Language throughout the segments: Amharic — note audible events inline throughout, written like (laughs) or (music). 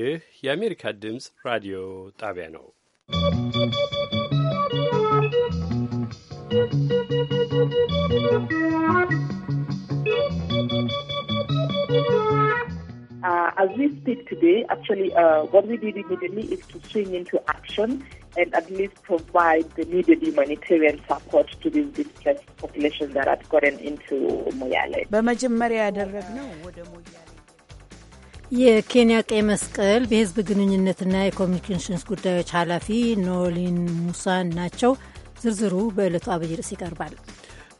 ይህ የአሜሪካ ድምፅ ራዲዮ ጣቢያ ነው። uh, as we speak today, actually, uh, what we did immediately is to swing into action and at least provide the needed humanitarian support to these displaced population that have gotten into Moyale. የኬንያ ቀይ መስቀል የህዝብ ግንኙነትና የኮሚኒኬሽንስ ጉዳዮች ኃላፊ ኖሊን ሙሳን ናቸው። ዝርዝሩ በዕለቱ አብይ ርዕስ ይቀርባል።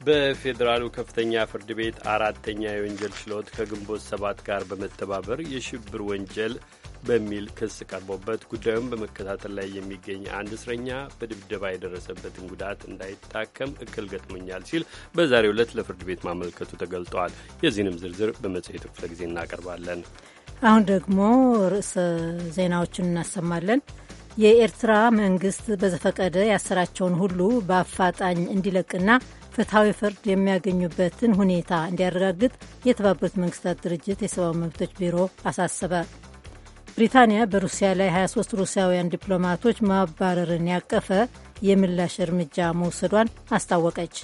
በፌዴራሉ ከፍተኛ ፍርድ ቤት አራተኛ የወንጀል ችሎት ከግንቦት ሰባት ጋር በመተባበር የሽብር ወንጀል በሚል ክስ ቀርቦበት ጉዳዩን በመከታተል ላይ የሚገኝ አንድ እስረኛ በድብደባ የደረሰበትን ጉዳት እንዳይታከም እክል ገጥሞኛል ሲል በዛሬው ዕለት ለፍርድ ቤት ማመልከቱ ተገልጧል። የዚህንም ዝርዝር በመጽሔቱ ክፍለ ጊዜ እናቀርባለን። አሁን ደግሞ ርዕሰ ዜናዎችን እናሰማለን። የኤርትራ መንግስት በዘፈቀደ ያሰራቸውን ሁሉ በአፋጣኝ እንዲለቅና ፍትሐዊ ፍርድ የሚያገኙበትን ሁኔታ እንዲያረጋግጥ የተባበሩት መንግስታት ድርጅት የሰብአዊ መብቶች ቢሮ አሳሰበ። ብሪታንያ በሩሲያ ላይ 23 ሩሲያውያን ዲፕሎማቶች ማባረርን ያቀፈ የምላሽ እርምጃ መውሰዷን አስታወቀች።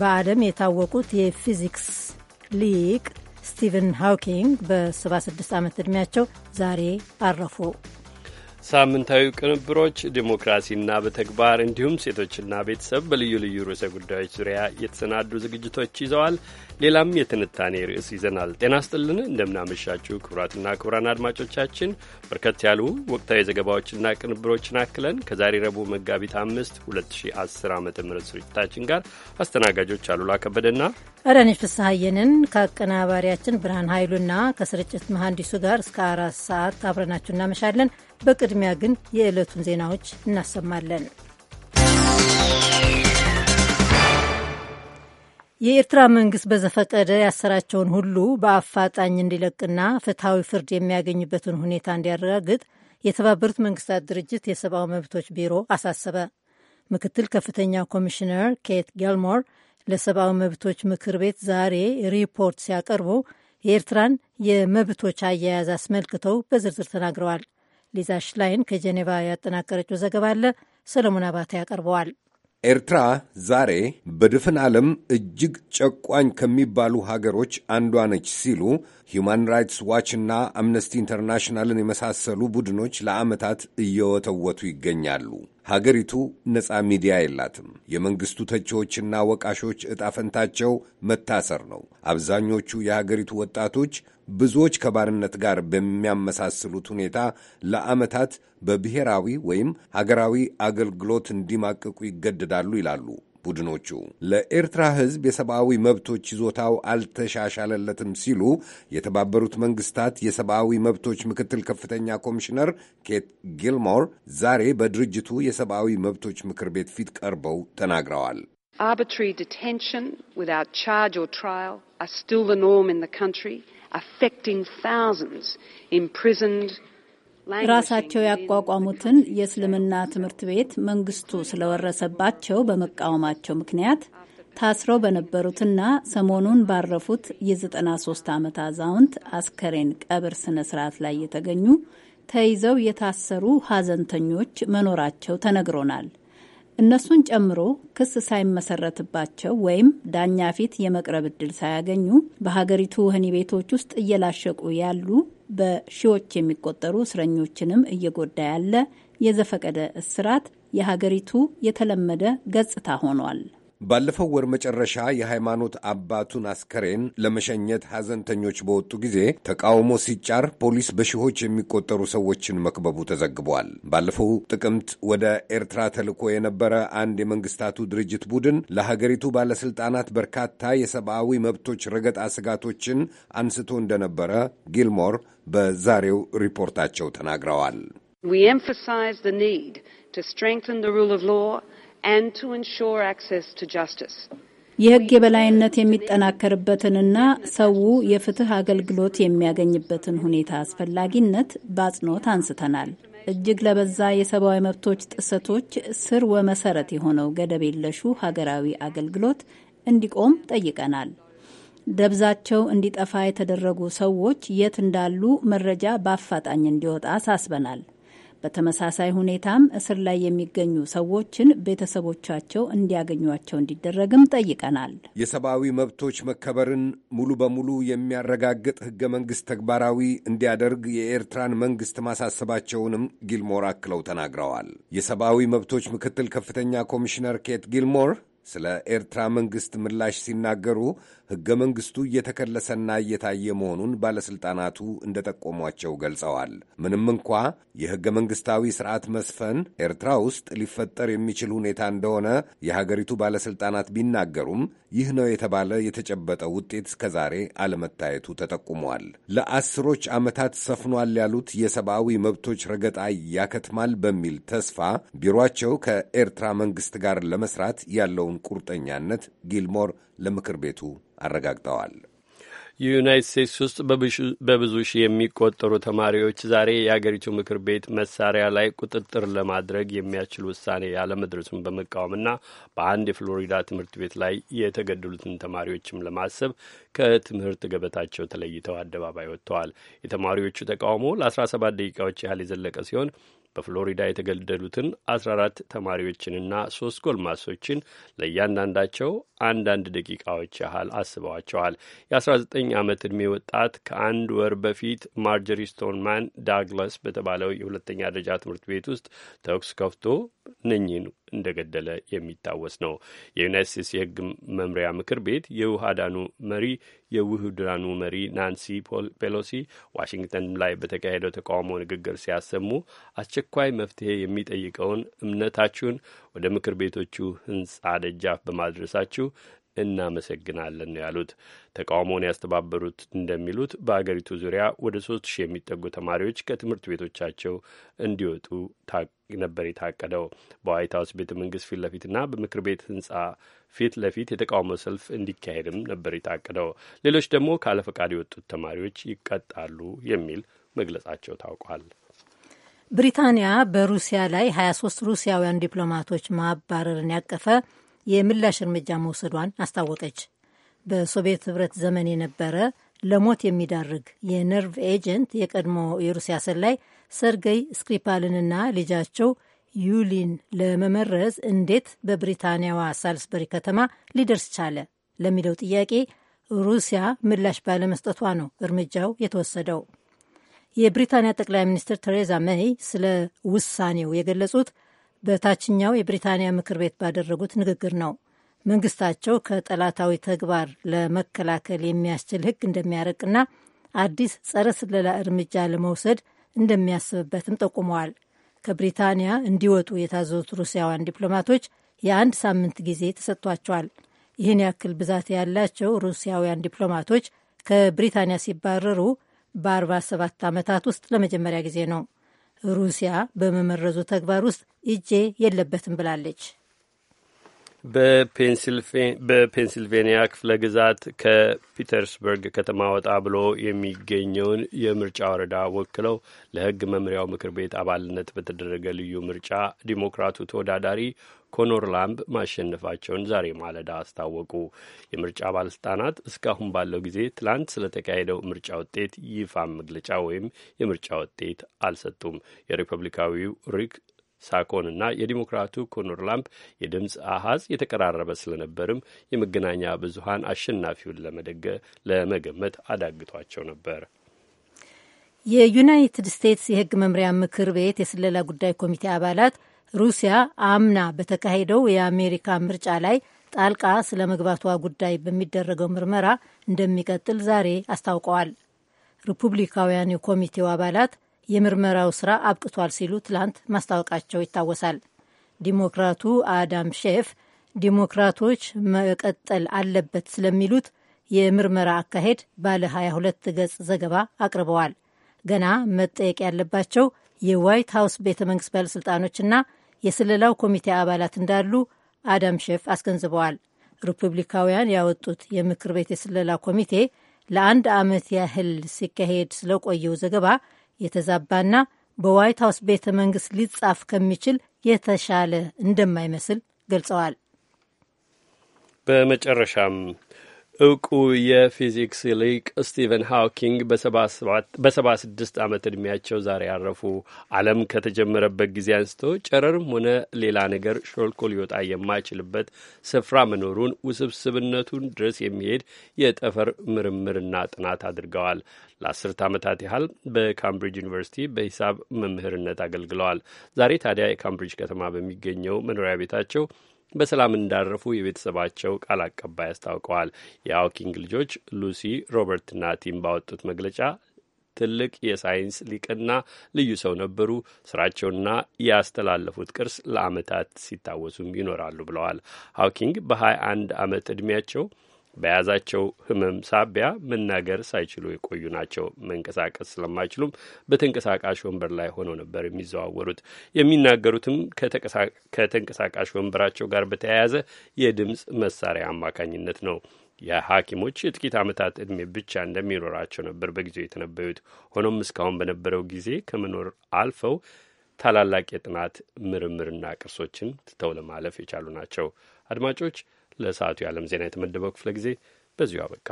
በዓለም የታወቁት የፊዚክስ ሊቅ ስቲቨን ሃውኪንግ በ76 ዓመት ዕድሜያቸው ዛሬ አረፉ። ሳምንታዊ ቅንብሮች፣ ዴሞክራሲና በተግባር እንዲሁም ሴቶችና ቤተሰብ በልዩ ልዩ ርዕሰ ጉዳዮች ዙሪያ የተሰናዱ ዝግጅቶች ይዘዋል። ሌላም የትንታኔ ርዕስ ይዘናል። ጤና ስጥልን፣ እንደምናመሻችሁ ክቡራትና ክቡራን አድማጮቻችን በርከት ያሉ ወቅታዊ ዘገባዎችና ቅንብሮችን አክለን ከዛሬ ረቡዕ መጋቢት አምስት 2010 ዓ ም ስርጭታችን ጋር አስተናጋጆች አሉላ ከበደና አዳነች ፍስሐየንን ከአቀናባሪያችን ብርሃን ኃይሉና ከስርጭት መሐንዲሱ ጋር እስከ አራት ሰዓት አብረናችሁ እናመሻለን። በቅድሚያ ግን የዕለቱን ዜናዎች እናሰማለን። የኤርትራ መንግስት በዘፈቀደ ያሰራቸውን ሁሉ በአፋጣኝ እንዲለቅና ፍትሐዊ ፍርድ የሚያገኝበትን ሁኔታ እንዲያረጋግጥ የተባበሩት መንግስታት ድርጅት የሰብአዊ መብቶች ቢሮ አሳሰበ። ምክትል ከፍተኛ ኮሚሽነር ኬት ጌልሞር ለሰብአዊ መብቶች ምክር ቤት ዛሬ ሪፖርት ሲያቀርቡ የኤርትራን የመብቶች አያያዝ አስመልክተው በዝርዝር ተናግረዋል። ሊዛ ሽላይን ከጀኔቫ ያጠናቀረችው ዘገባ አለ። ሰለሞን አባተ ያቀርበዋል። ኤርትራ ዛሬ በድፍን ዓለም እጅግ ጨቋኝ ከሚባሉ ሀገሮች አንዷ ነች ሲሉ ሂውማን ራይትስ ዋችና አምነስቲ ኢንተርናሽናልን የመሳሰሉ ቡድኖች ለዓመታት እየወተወቱ ይገኛሉ። ሀገሪቱ ነፃ ሚዲያ የላትም። የመንግሥቱ ተቺዎችና ወቃሾች ዕጣ ፈንታቸው መታሰር ነው። አብዛኞቹ የሀገሪቱ ወጣቶች ብዙዎች ከባርነት ጋር በሚያመሳስሉት ሁኔታ ለዓመታት በብሔራዊ ወይም ሀገራዊ አገልግሎት እንዲማቅቁ ይገደዳሉ ይላሉ ቡድኖቹ ለኤርትራ ሕዝብ የሰብአዊ መብቶች ይዞታው አልተሻሻለለትም ሲሉ የተባበሩት መንግስታት የሰብአዊ መብቶች ምክትል ከፍተኛ ኮሚሽነር ኬት ጊልሞር ዛሬ በድርጅቱ የሰብአዊ መብቶች ምክር ቤት ፊት ቀርበው ተናግረዋል። arbitrary detention without charge or trial are still the norm in the country, affecting thousands imprisoned ራሳቸው ያቋቋሙትን የእስልምና ትምህርት ቤት መንግስቱ ስለወረሰባቸው በመቃወማቸው ምክንያት ታስረው በነበሩትና ሰሞኑን ባረፉት የ93 ዓመት አዛውንት አስከሬን ቀብር ስነ ስርዓት ላይ የተገኙ ተይዘው የታሰሩ ሀዘንተኞች መኖራቸው ተነግሮናል። እነሱን ጨምሮ ክስ ሳይመሰረትባቸው ወይም ዳኛ ፊት የመቅረብ እድል ሳያገኙ በሀገሪቱ ወህኒ ቤቶች ውስጥ እየላሸቁ ያሉ በሺዎች የሚቆጠሩ እስረኞችንም እየጎዳ ያለ የዘፈቀደ እስራት የሀገሪቱ የተለመደ ገጽታ ሆኗል። ባለፈው ወር መጨረሻ የሃይማኖት አባቱን አስከሬን ለመሸኘት ሐዘንተኞች በወጡ ጊዜ ተቃውሞ ሲጫር ፖሊስ በሺዎች የሚቆጠሩ ሰዎችን መክበቡ ተዘግቧል። ባለፈው ጥቅምት ወደ ኤርትራ ተልኮ የነበረ አንድ የመንግስታቱ ድርጅት ቡድን ለሀገሪቱ ባለስልጣናት በርካታ የሰብአዊ መብቶች ረገጣ ስጋቶችን አንስቶ እንደነበረ ጊልሞር በዛሬው ሪፖርታቸው ተናግረዋል። We emphasize the need to strengthen the rule of law and to ensure access to justice. የሕግ የበላይነት የሚጠናከርበትንና ሰው የፍትህ አገልግሎት የሚያገኝበትን ሁኔታ አስፈላጊነት በአጽንኦት አንስተናል። እጅግ ለበዛ የሰብአዊ መብቶች ጥሰቶች ስር ወመሰረት የሆነው ገደብ የለሹ ሀገራዊ አገልግሎት እንዲቆም ጠይቀናል። ደብዛቸው እንዲጠፋ የተደረጉ ሰዎች የት እንዳሉ መረጃ በአፋጣኝ እንዲወጣ አሳስበናል። በተመሳሳይ ሁኔታም እስር ላይ የሚገኙ ሰዎችን ቤተሰቦቻቸው እንዲያገኟቸው እንዲደረግም ጠይቀናል። የሰብአዊ መብቶች መከበርን ሙሉ በሙሉ የሚያረጋግጥ ህገ መንግስት ተግባራዊ እንዲያደርግ የኤርትራን መንግስት ማሳሰባቸውንም ጊልሞር አክለው ተናግረዋል። የሰብአዊ መብቶች ምክትል ከፍተኛ ኮሚሽነር ኬት ጊልሞር ስለ ኤርትራ መንግሥት ምላሽ ሲናገሩ ሕገ መንግሥቱ እየተከለሰና እየታየ መሆኑን ባለሥልጣናቱ እንደጠቆሟቸው ገልጸዋል። ምንም እንኳ የሕገ መንግሥታዊ ሥርዓት መስፈን ኤርትራ ውስጥ ሊፈጠር የሚችል ሁኔታ እንደሆነ የሀገሪቱ ባለሥልጣናት ቢናገሩም ይህ ነው የተባለ የተጨበጠ ውጤት እስከዛሬ አለመታየቱ ተጠቁሟል። ለአስሮች ዓመታት ሰፍኗል ያሉት የሰብአዊ መብቶች ረገጣ ያከትማል በሚል ተስፋ ቢሮአቸው ከኤርትራ መንግሥት ጋር ለመስራት ያለውን ያላቸውን ቁርጠኛነት ጊልሞር ለምክር ቤቱ አረጋግጠዋል። ዩናይት ስቴትስ ውስጥ በብዙ ሺህ የሚቆጠሩ ተማሪዎች ዛሬ የአገሪቱ ምክር ቤት መሳሪያ ላይ ቁጥጥር ለማድረግ የሚያስችል ውሳኔ ያለመድረሱን በመቃወምና በአንድ የፍሎሪዳ ትምህርት ቤት ላይ የተገደሉትን ተማሪዎችም ለማሰብ ከትምህርት ገበታቸው ተለይተው አደባባይ ወጥተዋል። የተማሪዎቹ ተቃውሞ ለ17 ደቂቃዎች ያህል የዘለቀ ሲሆን በፍሎሪዳ የተገደሉትን 14 ተማሪዎችንና ሶስት ጎልማሶችን ለእያንዳንዳቸው አንዳንድ ደቂቃዎች ያህል አስበዋቸዋል። የ19 ዓመት ዕድሜ ወጣት ከአንድ ወር በፊት ማርጀሪ ስቶንማን ዳግለስ በተባለው የሁለተኛ ደረጃ ትምህርት ቤት ውስጥ ተኩስ ከፍቶ እነኚህን እንደገደለ የሚታወስ ነው። የዩናይት ስቴትስ የህግ መምሪያ ምክር ቤት የውሃዳኑ መሪ የውህድራኑ መሪ ናንሲ ፔሎሲ ዋሽንግተን ላይ በተካሄደው ተቃውሞ ንግግር ሲያሰሙ አስቸኳይ መፍትሄ የሚጠይቀውን እምነታችሁን ወደ ምክር ቤቶቹ ህንጻ ደጃፍ በማድረሳችሁ እናመሰግናለን ነው ያሉት። ተቃውሞውን ያስተባበሩት እንደሚሉት በአገሪቱ ዙሪያ ወደ ሶስት ሺህ የሚጠጉ ተማሪዎች ከትምህርት ቤቶቻቸው እንዲወጡ ነበር የታቀደው። በዋይት ሀውስ ቤተ መንግስት ፊት ለፊትና በምክር ቤት ህንጻ ፊት ለፊት የተቃውሞ ሰልፍ እንዲካሄድም ነበር የታቀደው። ሌሎች ደግሞ ካለፈቃድ የወጡት ተማሪዎች ይቀጣሉ የሚል መግለጻቸው ታውቋል። ብሪታንያ በሩሲያ ላይ 23 ሩሲያውያን ዲፕሎማቶች ማባረርን ያቀፈ የምላሽ እርምጃ መውሰዷን አስታወቀች። በሶቪየት ህብረት ዘመን የነበረ ለሞት የሚዳርግ የነርቭ ኤጀንት የቀድሞ የሩሲያ ሰላይ ሰርገይ ስክሪፓልንና ልጃቸው ዩሊን ለመመረዝ እንዴት በብሪታንያዋ ሳልስበሪ ከተማ ሊደርስ ቻለ ለሚለው ጥያቄ ሩሲያ ምላሽ ባለመስጠቷ ነው እርምጃው የተወሰደው። የብሪታንያ ጠቅላይ ሚኒስትር ቴሬዛ መይ ስለ ውሳኔው የገለጹት በታችኛው የብሪታንያ ምክር ቤት ባደረጉት ንግግር ነው። መንግስታቸው ከጠላታዊ ተግባር ለመከላከል የሚያስችል ህግ እንደሚያረቅና አዲስ ጸረ ስለላ እርምጃ ለመውሰድ እንደሚያስብበትም ጠቁመዋል። ከብሪታንያ እንዲወጡ የታዘዙት ሩሲያውያን ዲፕሎማቶች የአንድ ሳምንት ጊዜ ተሰጥቷቸዋል። ይህን ያክል ብዛት ያላቸው ሩሲያውያን ዲፕሎማቶች ከብሪታንያ ሲባረሩ በ47 ዓመታት ውስጥ ለመጀመሪያ ጊዜ ነው። ሩሲያ በመመረዙ ተግባር ውስጥ እጄ የለበትም ብላለች። በፔንሲልቬንያ ክፍለ ግዛት ከፒተርስበርግ ከተማ ወጣ ብሎ የሚገኘውን የምርጫ ወረዳ ወክለው ለሕግ መምሪያው ምክር ቤት አባልነት በተደረገ ልዩ ምርጫ ዲሞክራቱ ተወዳዳሪ ኮኖር ላምብ ማሸነፋቸውን ዛሬ ማለዳ አስታወቁ። የምርጫ ባለስልጣናት እስካሁን ባለው ጊዜ ትላንት ስለተካሄደው ምርጫ ውጤት ይፋ መግለጫ ወይም የምርጫ ውጤት አልሰጡም። የሪፐብሊካዊው ሪክ ሳኮንና የዲሞክራቱ ኮኖር ላምፕ የድምፅ አሃዝ የተቀራረበ ስለነበርም የመገናኛ ብዙሀን አሸናፊውን ለመገመት አዳግቷቸው ነበር። የዩናይትድ ስቴትስ የህግ መምሪያ ምክር ቤት የስለላ ጉዳይ ኮሚቴ አባላት ሩሲያ አምና በተካሄደው የአሜሪካ ምርጫ ላይ ጣልቃ ስለ መግባቷ ጉዳይ በሚደረገው ምርመራ እንደሚቀጥል ዛሬ አስታውቀዋል። ሪፑብሊካውያን የኮሚቴው አባላት የምርመራው ስራ አብቅቷል ሲሉ ትላንት ማስታወቃቸው ይታወሳል። ዲሞክራቱ አዳም ሼፍ ዲሞክራቶች መቀጠል አለበት ስለሚሉት የምርመራ አካሄድ ባለ 22 ገጽ ዘገባ አቅርበዋል። ገና መጠየቅ ያለባቸው የዋይት ሀውስ ቤተ መንግስት ባለሥልጣኖችና የስለላው ኮሚቴ አባላት እንዳሉ አዳም ሼፍ አስገንዝበዋል። ሪፑብሊካውያን ያወጡት የምክር ቤት የስለላ ኮሚቴ ለአንድ ዓመት ያህል ሲካሄድ ስለቆየው ዘገባ የተዛባና በዋይት ሀውስ ቤተ መንግስት ሊጻፍ ከሚችል የተሻለ እንደማይመስል ገልጸዋል። በመጨረሻም እውቁ የፊዚክስ ሊቅ ስቲቨን ሃውኪንግ በሰባ ስድስት ዓመት ዕድሜያቸው ዛሬ ያረፉ። ዓለም ከተጀመረበት ጊዜ አንስቶ ጨረርም ሆነ ሌላ ነገር ሾልኮ ሊወጣ የማይችልበት ስፍራ መኖሩን ውስብስብነቱን ድረስ የሚሄድ የጠፈር ምርምርና ጥናት አድርገዋል። ለአስርት ዓመታት ያህል በካምብሪጅ ዩኒቨርሲቲ በሂሳብ መምህርነት አገልግለዋል። ዛሬ ታዲያ የካምብሪጅ ከተማ በሚገኘው መኖሪያ ቤታቸው በሰላም እንዳረፉ የቤተሰባቸው ቃል አቀባይ አስታውቀዋል። የአውኪንግ ልጆች ሉሲ ሮበርትና ቲም ባወጡት መግለጫ ትልቅ የሳይንስ ሊቅና ልዩ ሰው ነበሩ። ስራቸውና ያስተላለፉት ቅርስ ለዓመታት ሲታወሱም ይኖራሉ ብለዋል። ሀውኪንግ በ21 ዓመት ዕድሜያቸው በያዛቸው ህመም ሳቢያ መናገር ሳይችሉ የቆዩ ናቸው። መንቀሳቀስ ስለማይችሉም በተንቀሳቃሽ ወንበር ላይ ሆነው ነበር የሚዘዋወሩት። የሚናገሩትም ከተንቀሳቃሽ ወንበራቸው ጋር በተያያዘ የድምፅ መሳሪያ አማካኝነት ነው። የሐኪሞች የጥቂት ዓመታት ዕድሜ ብቻ እንደሚኖራቸው ነበር በጊዜው የተነበዩት። ሆኖም እስካሁን በነበረው ጊዜ ከመኖር አልፈው ታላላቅ የጥናት ምርምርና ቅርሶችን ትተው ለማለፍ የቻሉ ናቸው። አድማጮች ለሰዓቱ የዓለም ዜና የተመደበው ክፍለ ጊዜ በዚሁ አበቃ።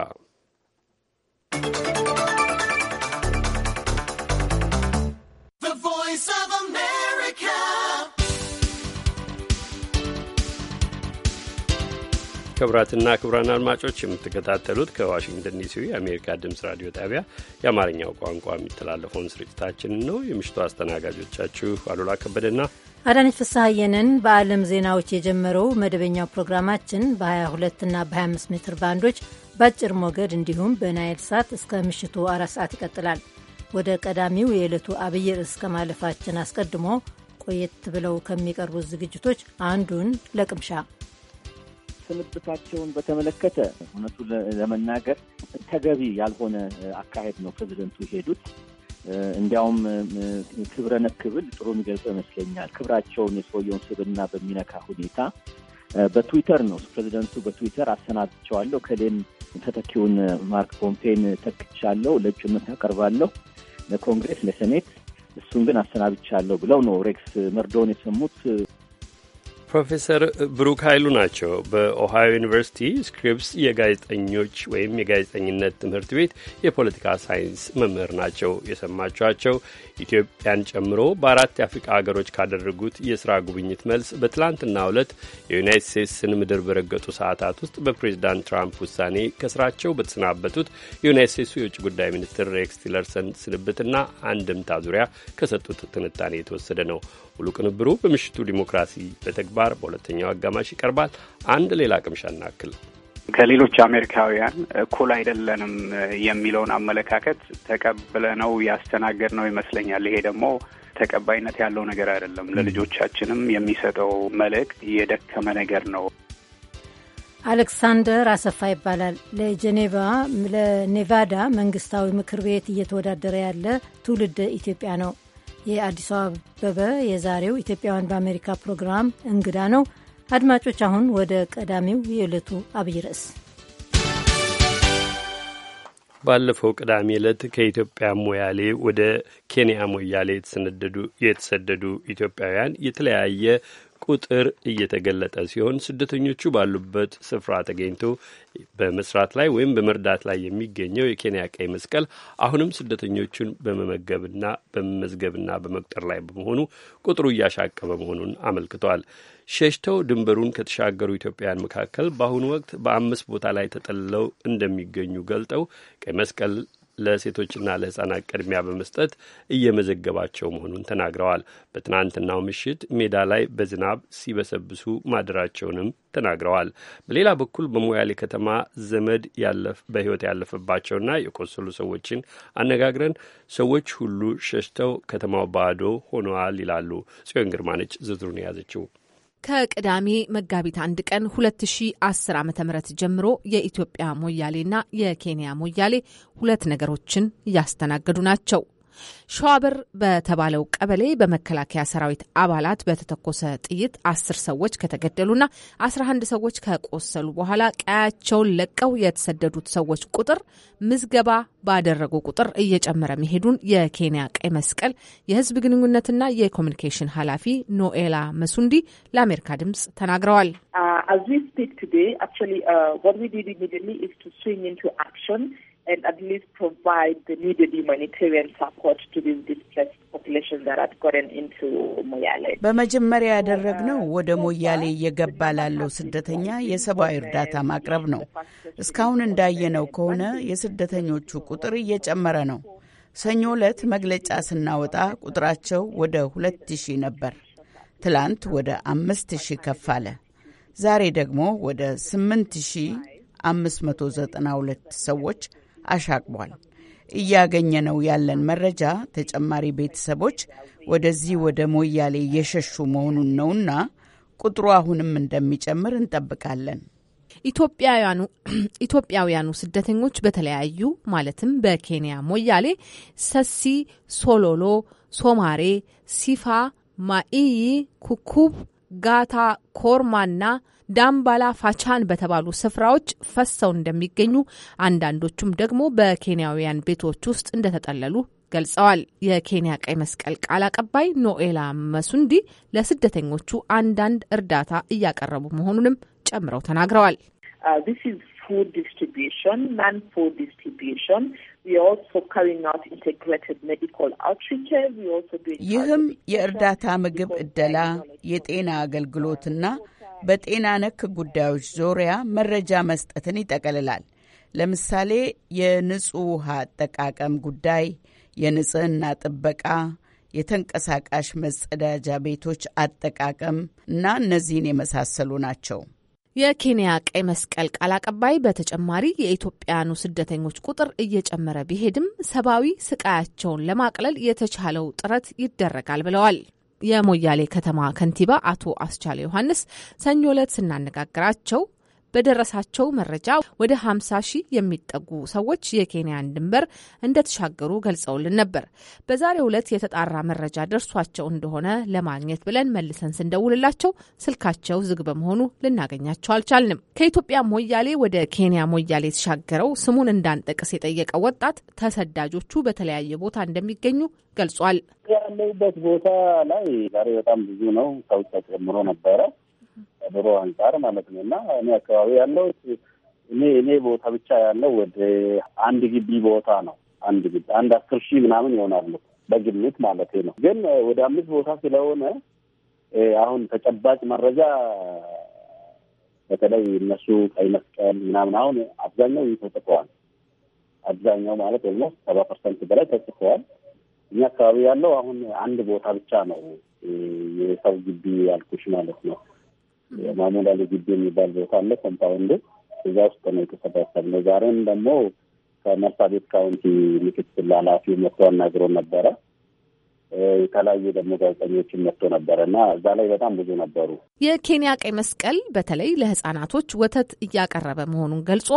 ክቡራትና ክቡራን አድማጮች የምትከታተሉት ከዋሽንግተን ዲሲ የአሜሪካ ድምፅ ራዲዮ ጣቢያ የአማርኛው ቋንቋ የሚተላለፈውን ስርጭታችንን ነው። የምሽቱ አስተናጋጆቻችሁ አሉላ ከበደና አዳነች ፍስሐየንን። በዓለም ዜናዎች የጀመረው መደበኛው ፕሮግራማችን በ22ና በ25 ሜትር ባንዶች በአጭር ሞገድ እንዲሁም በናይል ሳት እስከ ምሽቱ አራት ሰዓት ይቀጥላል። ወደ ቀዳሚው የዕለቱ አብይ ርዕስ ከማለፋችን አስቀድሞ ቆየት ብለው ከሚቀርቡት ዝግጅቶች አንዱን ለቅምሻ ስንብታቸውን በተመለከተ እውነቱ ለመናገር ተገቢ ያልሆነ አካሄድ ነው ፕሬዚደንቱ የሄዱት። እንዲያውም ክብረ ክብል ጥሩ የሚገልጸው ይመስለኛል። ክብራቸውን የሰውየውን ስብና በሚነካ ሁኔታ በትዊተር ነው ፕሬዚደንቱ በትዊተር አሰናብቸዋለሁ፣ ከሌን ተተኪውን ማርክ ፖምፔን ተክቻለሁ፣ ለእጩነት ያቀርባለሁ ለኮንግሬስ ለሴኔት፣ እሱን ግን አሰናብቻለሁ ብለው ነው ሬክስ መርዶውን የሰሙት። ፕሮፌሰር ብሩክ ኃይሉ ናቸው። በኦሃዮ ዩኒቨርሲቲ ስክሪፕስ የጋዜጠኞች ወይም የጋዜጠኝነት ትምህርት ቤት የፖለቲካ ሳይንስ መምህር ናቸው። የሰማችኋቸው ኢትዮጵያን ጨምሮ በአራት የአፍሪቃ ሀገሮች ካደረጉት የሥራ ጉብኝት መልስ በትላንትናው ዕለት የዩናይት ስቴትስን ምድር በረገጡ ሰዓታት ውስጥ በፕሬዚዳንት ትራምፕ ውሳኔ ከስራቸው በተሰናበቱት የዩናይት ስቴትሱ የውጭ ጉዳይ ሚኒስትር ሬክስ ቲለርሰን ስንብትና አንድምታ ዙሪያ ከሰጡት ትንታኔ የተወሰደ ነው። ሙሉ ቅንብሩ በምሽቱ ዲሞክራሲ በተግባር በሁለተኛው አጋማሽ ይቀርባል። አንድ ሌላ ቅምሻ እናክል። ከሌሎች አሜሪካውያን እኩል አይደለንም የሚለውን አመለካከት ተቀብለ ነው ያስተናገድ ነው ይመስለኛል። ይሄ ደግሞ ተቀባይነት ያለው ነገር አይደለም። ለልጆቻችንም የሚሰጠው መልእክት የደከመ ነገር ነው። አሌክሳንደር አሰፋ ይባላል። ለጀኔቫ ለኔቫዳ መንግስታዊ ምክር ቤት እየተወዳደረ ያለ ትውልድ ኢትዮጵያ ነው። የአዲስ አበበ የዛሬው ኢትዮጵያውያን በአሜሪካ ፕሮግራም እንግዳ ነው። አድማጮች፣ አሁን ወደ ቀዳሚው የዕለቱ አብይ ርዕስ ባለፈው ቅዳሜ ዕለት ከኢትዮጵያ ሞያሌ ወደ ኬንያ ሞያሌ የተሰደዱ ኢትዮጵያውያን የተለያየ ቁጥር እየተገለጠ ሲሆን ስደተኞቹ ባሉበት ስፍራ ተገኝቶ በመስራት ላይ ወይም በመርዳት ላይ የሚገኘው የኬንያ ቀይ መስቀል አሁንም ስደተኞቹን በመመገብና በመመዝገብና በመቁጠር ላይ በመሆኑ ቁጥሩ እያሻቀበ መሆኑን አመልክቷል። ሸሽተው ድንበሩን ከተሻገሩ ኢትዮጵያውያን መካከል በአሁኑ ወቅት በአምስት ቦታ ላይ ተጠልለው እንደሚገኙ ገልጠው ቀይ መስቀል ለሴቶችና ለህጻናት ቅድሚያ በመስጠት እየመዘገባቸው መሆኑን ተናግረዋል። በትናንትናው ምሽት ሜዳ ላይ በዝናብ ሲበሰብሱ ማደራቸውንም ተናግረዋል። በሌላ በኩል በሞያሌ ከተማ ዘመድ በህይወት ያለፈባቸውና የቆሰሉ ሰዎችን አነጋግረን ሰዎች ሁሉ ሸሽተው ከተማው ባዶ ሆነዋል ይላሉ። ጽዮን ግርማነች ዝርዝሩን የያዘችው ከቅዳሜ መጋቢት አንድ ቀን 2010 ዓ ም ጀምሮ የኢትዮጵያ ሞያሌና የኬንያ ሞያሌ ሁለት ነገሮችን እያስተናገዱ ናቸው። ሸዋብር በተባለው ቀበሌ በመከላከያ ሰራዊት አባላት በተተኮሰ ጥይት አስር ሰዎች ከተገደሉና አስራ አንድ ሰዎች ከቆሰሉ በኋላ ቀያቸውን ለቀው የተሰደዱት ሰዎች ቁጥር ምዝገባ ባደረጉ ቁጥር እየጨመረ መሄዱን የኬንያ ቀይ መስቀል የህዝብ ግንኙነትና የኮሚኒኬሽን ኃላፊ ኖኤላ መሱንዲ ለአሜሪካ ድምጽ ተናግረዋል። and at least provide the needed humanitarian support to these displaced populations that had gotten into Moyale. በመጀመሪያ uh, ያደረግነው ወደ ሞያሌ እየገባ ላለው ስደተኛ የሰብአዊ እርዳታ ማቅረብ ነው። እስካሁን እንዳየነው ከሆነ የስደተኞቹ ቁጥር እየጨመረ ነው። ሰኞ ዕለት መግለጫ ስናወጣ ቁጥራቸው ወደ ሁለት ሺህ ነበር። ትላንት ወደ አምስት ሺህ ከፍ አለ። ዛሬ ደግሞ ወደ ስምንት ሺህ አምስት መቶ ዘጠና ሁለት ሰዎች አሻቅቧል። እያገኘ ነው ያለን መረጃ ተጨማሪ ቤተሰቦች ወደዚህ ወደ ሞያሌ እየሸሹ መሆኑን ነውና ቁጥሩ አሁንም እንደሚጨምር እንጠብቃለን። ኢትዮጵያውያኑ (clears throat) ኢትዮጵያውያኑ ስደተኞች በተለያዩ ማለትም በኬንያ ሞያሌ፣ ሰሲ፣ ሶሎሎ፣ ሶማሬ፣ ሲፋ፣ ማኢይ፣ ኩኩብ ጋታ ኮርማና ዳምባላ ፋቻን በተባሉ ስፍራዎች ፈሰው እንደሚገኙ አንዳንዶቹም ደግሞ በኬንያውያን ቤቶች ውስጥ እንደተጠለሉ ገልጸዋል። የኬንያ ቀይ መስቀል ቃል አቀባይ ኖኤላ መሱንዲ ለስደተኞቹ አንዳንድ እርዳታ እያቀረቡ መሆኑንም ጨምረው ተናግረዋል። uh, food distribution, non-food distribution. ይህም የእርዳታ ምግብ እደላ የጤና አገልግሎትና በጤና ነክ ጉዳዮች ዙሪያ መረጃ መስጠትን ይጠቀልላል። ለምሳሌ የንጹህ ውሃ አጠቃቀም ጉዳይ፣ የንጽህና ጥበቃ፣ የተንቀሳቃሽ መጸዳጃ ቤቶች አጠቃቀም እና እነዚህን የመሳሰሉ ናቸው። የኬንያ ቀይ መስቀል ቃል አቀባይ በተጨማሪ የኢትዮጵያኑ ስደተኞች ቁጥር እየጨመረ ቢሄድም ሰብአዊ ስቃያቸውን ለማቅለል የተቻለው ጥረት ይደረጋል ብለዋል። የሞያሌ ከተማ ከንቲባ አቶ አስቻለ ዮሐንስ ሰኞ ዕለት ስናነጋግራቸው በደረሳቸው መረጃ ወደ 50 ሺህ የሚጠጉ ሰዎች የኬንያን ድንበር እንደተሻገሩ ገልጸውልን ነበር። በዛሬው ዕለት የተጣራ መረጃ ደርሷቸው እንደሆነ ለማግኘት ብለን መልሰን ስንደውልላቸው ስልካቸው ዝግ በመሆኑ ልናገኛቸው አልቻልንም። ከኢትዮጵያ ሞያሌ ወደ ኬንያ ሞያሌ የተሻገረው ስሙን እንዳንጠቅስ የጠየቀ ወጣት ተሰዳጆቹ በተለያየ ቦታ እንደሚገኙ ገልጿል። ያለሁበት ቦታ ላይ ዛሬ በጣም ብዙ ነው። ከውጭ ጨምሮ ነበረ ኑሮ አንጻር ማለት ነው እና እኔ አካባቢ ያለው እኔ እኔ ቦታ ብቻ ያለው ወደ አንድ ግቢ ቦታ ነው። አንድ ግቢ አንድ አስር ሺህ ምናምን ይሆናሉ በግምት ማለት ነው። ግን ወደ አምስት ቦታ ስለሆነ አሁን ተጨባጭ መረጃ በተለይ እነሱ ቀይ መስቀል ምናምን አሁን አብዛኛው ተጽፈዋል። አብዛኛው ማለት ኦልሞስት ሰባ ፐርሰንት በላይ ተጽፈዋል። እኛ አካባቢ ያለው አሁን አንድ ቦታ ብቻ ነው የሰው ግቢ ያልኩሽ ማለት ነው። የማሙድ አሊ ግቢ የሚባል ቦታ አለ ኮምፓውንዱ እዛ ውስጥ ነው የተሰበሰብ ነው። ዛሬም ደግሞ ከመርሳቤት ካውንቲ ምክትል ኃላፊ መጥቶ አናግሮ ነበረ። የተለያዩ ደግሞ ጋዜጠኞችን መጥቶ ነበረ እና እዛ ላይ በጣም ብዙ ነበሩ። የኬንያ ቀይ መስቀል በተለይ ለህጻናቶች ወተት እያቀረበ መሆኑን ገልጾ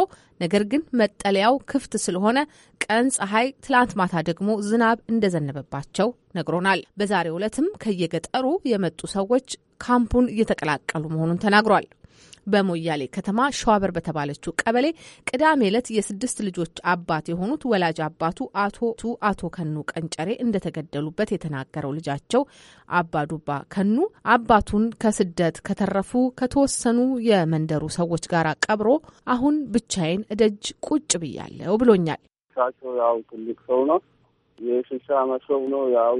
ነገር ግን መጠለያው ክፍት ስለሆነ ቀን ፀሐይ፣ ትላንት ማታ ደግሞ ዝናብ እንደዘነበባቸው ነግሮናል። በዛሬው ዕለትም ከየገጠሩ የመጡ ሰዎች ካምፑን እየተቀላቀሉ መሆኑን ተናግሯል። በሞያሌ ከተማ ሸዋበር በተባለችው ቀበሌ ቅዳሜ ዕለት የስድስት ልጆች አባት የሆኑት ወላጅ አባቱ አቶ አቶ ከኑ ቀንጨሬ እንደተገደሉበት የተናገረው ልጃቸው አባዱባ ከኑ አባቱን ከስደት ከተረፉ ከተወሰኑ የመንደሩ ሰዎች ጋር ቀብሮ አሁን ብቻዬን እደጅ ቁጭ ብያለሁ ብሎኛል። ያው ትልቅ ሰው ነው የስልሳ አመት ሰው ነው። ያው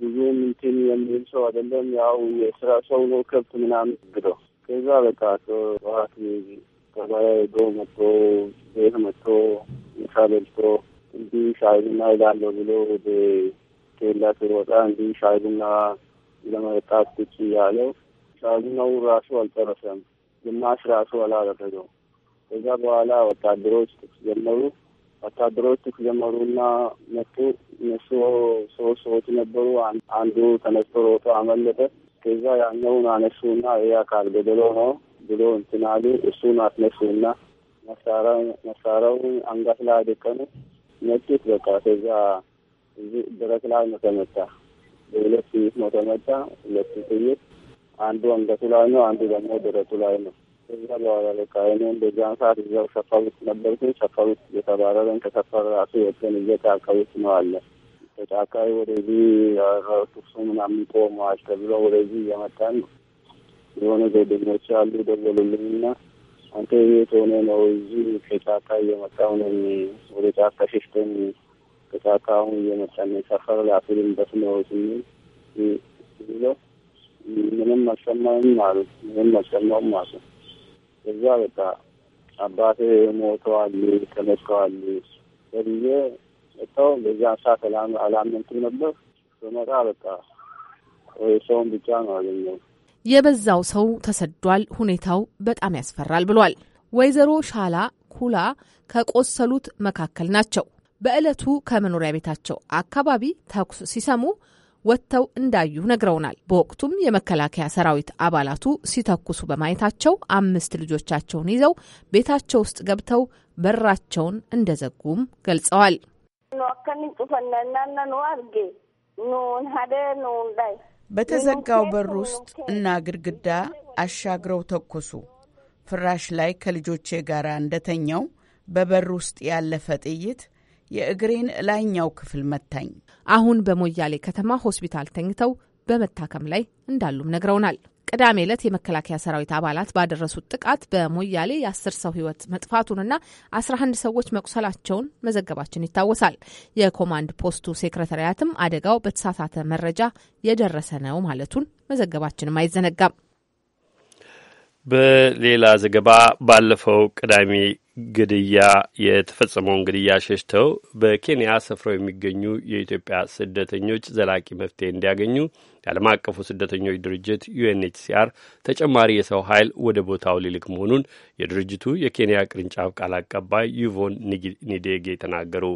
ብዙ እንትን የሚል ሰው አይደለም። ያው የስራ ሰው ነው። ከብት ምናምን ግደው ከዛ በቃ ጠዋት ገበያ ሄዶ መጥቶ ቤት መጥቶ ምሳ በልቶ እንዲህ ሻይ ቡና ይላለሁ ብሎ ወደ ኬላ ሲሮጣ እንዲህ ሻይ ቡና ለመጠጣት ቁጭ እያለው ሻይ ቡናው ራሱ አልጨረሰም። ግማሽ ራሱ አላደረገው። ከዛ በኋላ ወታደሮች ጀመሩ። ወታደሮች ጀመሩና መጡ። እነሱ ሶስት ሰዎች ነበሩ። አንዱ ተነስቶ ሮጦ አመለጠ። ከዛ ያኛውን አነሱና ይህ አካል ገደሎ ነው ብሎ እንትን አሉ። እሱን አትነሱና መሳሪያውን አንጋት ላይ አደቀኑ። መጡት በቃ ከዛ እዚህ ላይ ነው ተመታ። በሁለት ስይት ነው ተመታ። ሁለቱ ስይት አንዱ አንገቱ ላይ ነው፣ አንዱ ደግሞ ድረቱ ላይ ነው። እዛ በኋላ በቃ እኔ በዛን ሰዓት እዛው ሰፈር ውስጥ ነበርኩኝ። ሰፈር ውስጥ እየተባረረን ከሰፈር ራሱ የትን እየጫካ ውስጥ ነው አለ ከጫካ ወደዚህ ቱክሱ ምናምን ቆመዋል ተብሎ ወደዚህ እየመጣን የሆነ ዘደኞች አሉ ደወሉልኝና አንተ የት ሆነ ነው እዚህ ከጫካ እየመጣሁ ነው ወደ ጫካ ሸሽተን ከጫካ አሁን እየመጣን ሰፈር ራሱ ልንበት ነው ስንል ብሎ ምንም አልሰማኝም አሉ ምንም አልሰማሁም አሉ እዛ በቃ አባቴ ሞተዋል ተመተዋል በብዬ መጥተው በዛ ሰዓት አላመንኩም ነበር። በመጣ በቃ ሰውን ብቻ ነው አገኘው። የበዛው ሰው ተሰዷል፣ ሁኔታው በጣም ያስፈራል ብሏል። ወይዘሮ ሻላ ኩላ ከቆሰሉት መካከል ናቸው። በዕለቱ ከመኖሪያ ቤታቸው አካባቢ ተኩስ ሲሰሙ ወጥተው እንዳዩ ነግረውናል። በወቅቱም የመከላከያ ሰራዊት አባላቱ ሲተኩሱ በማየታቸው አምስት ልጆቻቸውን ይዘው ቤታቸው ውስጥ ገብተው በራቸውን እንደዘጉም ገልጸዋል። በተዘጋው በር ውስጥ እና ግድግዳ አሻግረው ተኮሱ። ፍራሽ ላይ ከልጆቼ ጋር እንደተኛው በበር ውስጥ ያለፈ ጥይት የእግሬን ላይኛው ክፍል መታኝ። አሁን በሞያሌ ከተማ ሆስፒታል ተኝተው በመታከም ላይ እንዳሉም ነግረውናል። ቅዳሜ ዕለት የመከላከያ ሰራዊት አባላት ባደረሱት ጥቃት በሞያሌ የአስር ሰው ህይወት መጥፋቱንና አስራ አንድ ሰዎች መቁሰላቸውን መዘገባችን ይታወሳል። የኮማንድ ፖስቱ ሴክረታሪያትም አደጋው በተሳሳተ መረጃ የደረሰ ነው ማለቱን መዘገባችንም አይዘነጋም። በሌላ ዘገባ ባለፈው ቅዳሜ ግድያ የተፈጸመውን ግድያ ሸሽተው በኬንያ ሰፍረው የሚገኙ የኢትዮጵያ ስደተኞች ዘላቂ መፍትሄ እንዲያገኙ የዓለም አቀፉ ስደተኞች ድርጅት ዩኤንኤችሲአር ተጨማሪ የሰው ኃይል ወደ ቦታው ሊልክ መሆኑን የድርጅቱ የኬንያ ቅርንጫፍ ቃል አቀባይ ዩቮን ኒዴጌ ተናገሩ።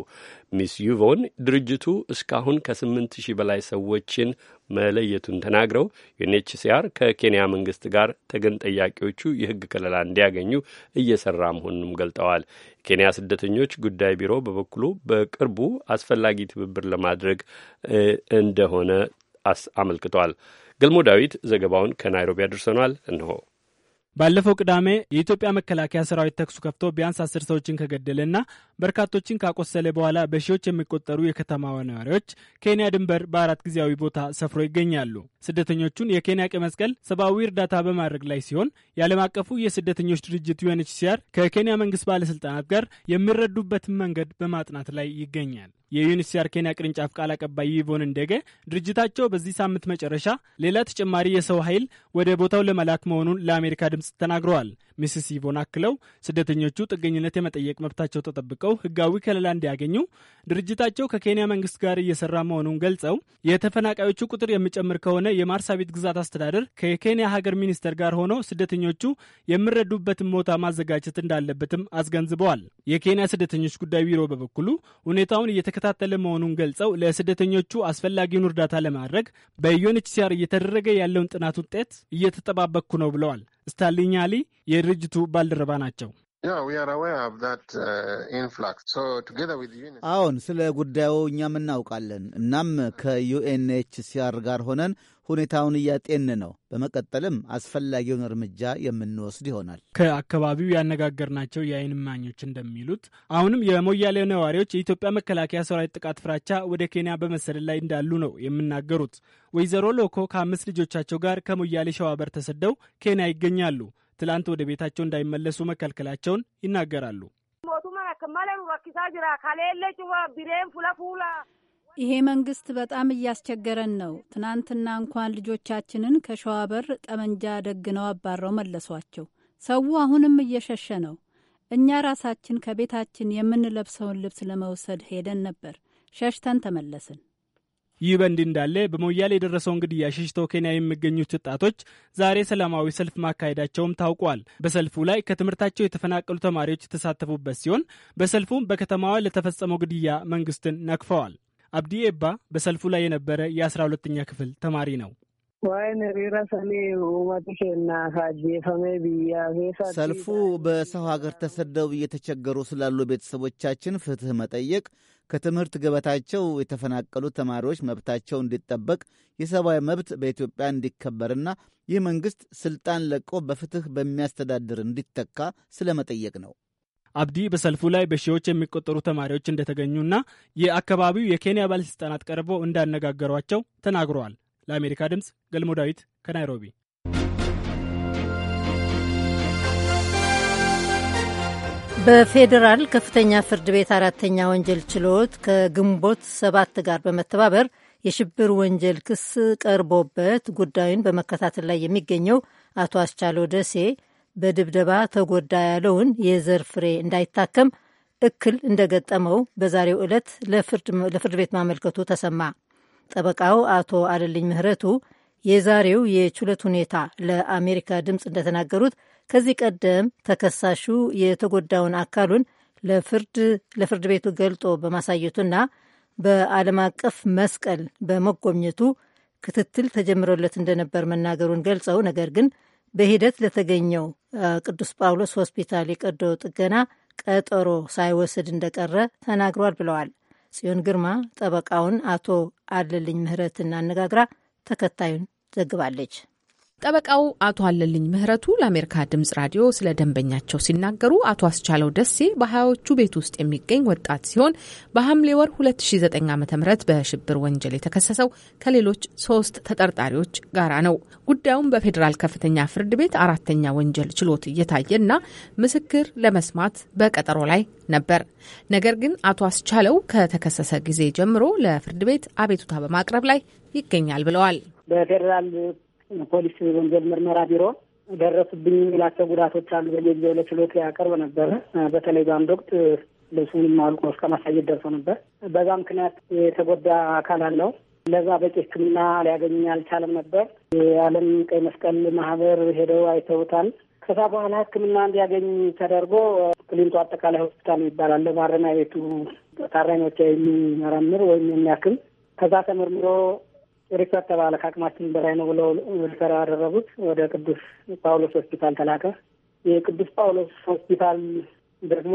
ሚስ ዩቮን ድርጅቱ እስካሁን ከስምንት ሺህ በላይ ሰዎችን መለየቱን ተናግረው ዩኤንኤችሲአር ከኬንያ መንግስት ጋር ተገን ጠያቂዎቹ የህግ ከለላ እንዲያገኙ እየሰራ መሆኑንም ገልጠዋል። የኬንያ ስደተኞች ጉዳይ ቢሮ በበኩሉ በቅርቡ አስፈላጊ ትብብር ለማድረግ እንደሆነ አመልክቷል። ገልሞ ዳዊት ዘገባውን ከናይሮቢ አድርሰኗል። እንሆ ባለፈው ቅዳሜ የኢትዮጵያ መከላከያ ሰራዊት ተኩሱ ከፍቶ ቢያንስ አስር ሰዎችን ከገደለና በርካቶችን ካቆሰለ በኋላ በሺዎች የሚቆጠሩ የከተማዋ ነዋሪዎች ኬንያ ድንበር በአራት ጊዜያዊ ቦታ ሰፍሮ ይገኛሉ። ስደተኞቹን የኬንያ ቀይ መስቀል ሰብአዊ እርዳታ በማድረግ ላይ ሲሆን የዓለም አቀፉ የስደተኞች ድርጅት ዩኤንኤችሲአር ከኬንያ መንግስት ባለስልጣናት ጋር የሚረዱበትን መንገድ በማጥናት ላይ ይገኛል። የዩኒሲያር ኬንያ ቅርንጫፍ ቃል አቀባይ ይቮን እንደገ ድርጅታቸው በዚህ ሳምንት መጨረሻ ሌላ ተጨማሪ የሰው ኃይል ወደ ቦታው ለመላክ መሆኑን ለአሜሪካ ድምፅ ተናግረዋል። ሚስስ ኢቮን አክለው ስደተኞቹ ጥገኝነት የመጠየቅ መብታቸው ተጠብቀው ህጋዊ ከለላ እንዲያገኙ ድርጅታቸው ከኬንያ መንግስት ጋር እየሰራ መሆኑን ገልጸው የተፈናቃዮቹ ቁጥር የሚጨምር ከሆነ የማርሳቢት ግዛት አስተዳደር ከኬንያ ሀገር ሚኒስተር ጋር ሆኖ ስደተኞቹ የሚረዱበትን ቦታ ማዘጋጀት እንዳለበትም አስገንዝበዋል። የኬንያ ስደተኞች ጉዳይ ቢሮ በበኩሉ ሁኔታውን እየተከታተለ መሆኑን ገልጸው ለስደተኞቹ አስፈላጊውን እርዳታ ለማድረግ በዩኤንኤችሲአር እየተደረገ ያለውን ጥናት ውጤት እየተጠባበቅኩ ነው ብለዋል። ስታሊኛሊ የድርጅቱ ባልደረባ ናቸው። Uh, አዎን፣ ስለ ጉዳዩ እኛም እናውቃለን። እናም ከዩኤንኤችሲአር ጋር ሆነን ሁኔታውን እያጤን ነው። በመቀጠልም አስፈላጊውን እርምጃ የምንወስድ ይሆናል። ከአካባቢው ያነጋገርናቸው የአይን እማኞች እንደሚሉት አሁንም የሞያሌ ነዋሪዎች የኢትዮጵያ መከላከያ ሰራዊት ጥቃት ፍራቻ ወደ ኬንያ በመሰደድ ላይ እንዳሉ ነው የሚናገሩት። ወይዘሮ ሎኮ ከአምስት ልጆቻቸው ጋር ከሞያሌ ሸዋበር ተሰደው ኬንያ ይገኛሉ። ትላንት ወደ ቤታቸው እንዳይመለሱ መከልከላቸውን ይናገራሉ። ይሄ መንግስት በጣም እያስቸገረን ነው። ትናንትና እንኳን ልጆቻችንን ከሸዋ በር ጠመንጃ ደግነው አባረው መለሷቸው። ሰው አሁንም እየሸሸ ነው። እኛ ራሳችን ከቤታችን የምንለብሰውን ልብስ ለመውሰድ ሄደን ነበር፣ ሸሽተን ተመለስን። ይህ በእንዲህ እንዳለ በሞያሌ የደረሰውን ግድያ ሸሽተው ኬንያ የሚገኙ ወጣቶች ዛሬ ሰላማዊ ሰልፍ ማካሄዳቸውም ታውቋል። በሰልፉ ላይ ከትምህርታቸው የተፈናቀሉ ተማሪዎች የተሳተፉበት ሲሆን በሰልፉም በከተማዋ ለተፈጸመው ግድያ መንግስትን ነቅፈዋል። አብዲ ኤባ በሰልፉ ላይ የነበረ የ12ኛ ክፍል ተማሪ ነው። Waa'een ሪራ samii uummati keenya ካጀፈሜ biyya ሰልፉ በሰው ሀገር ተሰደው እየተቸገሩ ስላሉ ቤተሰቦቻችን ፍትህ መጠየቅ፣ ከትምህርት ገበታቸው የተፈናቀሉ ተማሪዎች መብታቸው እንዲጠበቅ፣ የሰብአዊ መብት በኢትዮጵያ እንዲከበርና ይህ መንግሥት ስልጣን ለቆ በፍትህ በሚያስተዳድር እንዲተካ ስለ መጠየቅ ነው። አብዲ በሰልፉ ላይ በሺዎች የሚቆጠሩ ተማሪዎች እንደተገኙና የአካባቢው የኬንያ ባለሥልጣናት ቀርበው እንዳነጋገሯቸው ተናግረዋል። ለአሜሪካ ድምፅ ገልሞ ዳዊት ከናይሮቢ። በፌዴራል ከፍተኛ ፍርድ ቤት አራተኛ ወንጀል ችሎት ከግንቦት ሰባት ጋር በመተባበር የሽብር ወንጀል ክስ ቀርቦበት ጉዳዩን በመከታተል ላይ የሚገኘው አቶ አስቻለው ደሴ በድብደባ ተጎዳ ያለውን የዘር ፍሬ እንዳይታከም እክል እንደገጠመው በዛሬው ዕለት ለፍርድ ቤት ማመልከቱ ተሰማ። ጠበቃው አቶ አለልኝ ምህረቱ የዛሬው የችሎት ሁኔታ ለአሜሪካ ድምፅ እንደተናገሩት ከዚህ ቀደም ተከሳሹ የተጎዳውን አካሉን ለፍርድ ቤቱ ገልጦ በማሳየቱና በዓለም አቀፍ መስቀል በመጎብኘቱ ክትትል ተጀምሮለት እንደነበር መናገሩን ገልጸው ነገር ግን በሂደት ለተገኘው ቅዱስ ጳውሎስ ሆስፒታል የቀዶ ጥገና ቀጠሮ ሳይወስድ እንደቀረ ተናግሯል ብለዋል። ጽዮን ግርማ ጠበቃውን አቶ አለልኝ ምህረትን አነጋግራ ተከታዩን ዘግባለች። ጠበቃው አቶ አለልኝ ምህረቱ ለአሜሪካ ድምጽ ራዲዮ ስለ ደንበኛቸው ሲናገሩ አቶ አስቻለው ደሴ በሀያዎቹ ቤት ውስጥ የሚገኝ ወጣት ሲሆን በሐምሌ ወር 2009 ዓ ም በሽብር ወንጀል የተከሰሰው ከሌሎች ሶስት ተጠርጣሪዎች ጋራ ነው። ጉዳዩም በፌዴራል ከፍተኛ ፍርድ ቤት አራተኛ ወንጀል ችሎት እየታየና ምስክር ለመስማት በቀጠሮ ላይ ነበር። ነገር ግን አቶ አስቻለው ከተከሰሰ ጊዜ ጀምሮ ለፍርድ ቤት አቤቱታ በማቅረብ ላይ ይገኛል ብለዋል። በፌዴራል ፖሊስ ወንጀል ምርመራ ቢሮ ደረሱብኝ የሚላቸው ጉዳቶች አሉ። በየጊዜው ለችሎት ያቀርብ ነበር። በተለይ በአንድ ወቅት ልብሱን ማልቆ እስከ ማሳየት ደርሶ ነበር። በዛ ምክንያት የተጎዳ አካል አለው። ለዛ በቂ ሕክምና ሊያገኝ አልቻለም ነበር። የዓለም ቀይ መስቀል ማህበር ሄደው አይተውታል። ከዛ በኋላ ሕክምና እንዲያገኝ ተደርጎ ክሊንቶ አጠቃላይ ሆስፒታል ይባላል ለማረሚያ ቤቱ ታራኞች የሚመረምር ወይም የሚያክም ከዛ ተመርምሮ ሪፈር ተባለ። ከአቅማችን በላይ ነው ብለው ሪፈር ያደረጉት ወደ ቅዱስ ጳውሎስ ሆስፒታል ተላከ። የቅዱስ ጳውሎስ ሆስፒታል ደግሞ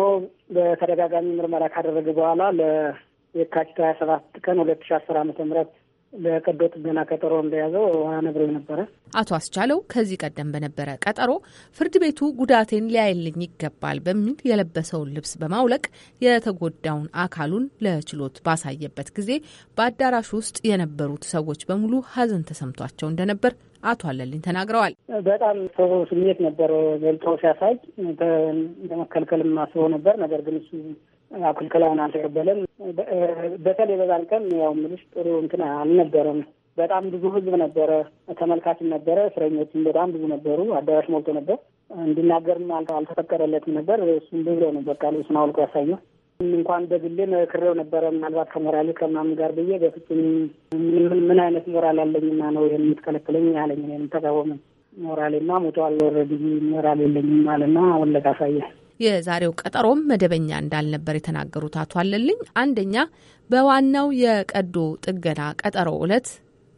በተደጋጋሚ ምርመራ ካደረገ በኋላ ለየካቲት ሀያ ሰባት ቀን ሁለት ሺ አስር አመተ ምህረት ለቀዶ ጥገና ቀጠሮ እንደያዘው ነግሮ ነበረ። አቶ አስቻለው ከዚህ ቀደም በነበረ ቀጠሮ ፍርድ ቤቱ ጉዳቴን ሊያይልኝ ይገባል በሚል የለበሰውን ልብስ በማውለቅ የተጎዳውን አካሉን ለችሎት ባሳየበት ጊዜ በአዳራሽ ውስጥ የነበሩት ሰዎች በሙሉ ሀዘን ተሰምቷቸው እንደነበር አቶ አለልኝ ተናግረዋል። በጣም ሰው ስሜት ነበረው ገልጦ ሲያሳይ ለመከልከልም አስበው ነበር ነገር ግን ያው አልተቀበለም። በተለይ በዛን ቀን ያው ምልሽ ጥሩ እንትን አልነበረም። በጣም ብዙ ህዝብ ነበረ፣ ተመልካችም ነበረ፣ እስረኞችም በጣም ብዙ ነበሩ። አዳራሽ ሞልቶ ነበር። እንዲናገርም አልተፈቀደለትም ነበር። እሱም ብሎ ነው በቃ ልብሱን አውልቆ ያሳየው። እንኳን በግሌ መክሬው ነበረ። ምናልባት ከሞራሌ ከምናምን ጋር ብዬ በፍጹም ምን አይነት ሞራል ያለኝና ነው ይህን የምትከለክለኝ ያለኝ ተቃወመኝ። ሞራሌማ ሞቷል። ኦልሬዲ ሞራል የለኝም አለና ወለቃ አሳየ የዛሬው ቀጠሮም መደበኛ እንዳልነበር የተናገሩት አቶ አለልኝ አንደኛ በዋናው የቀዶ ጥገና ቀጠሮ ዕለት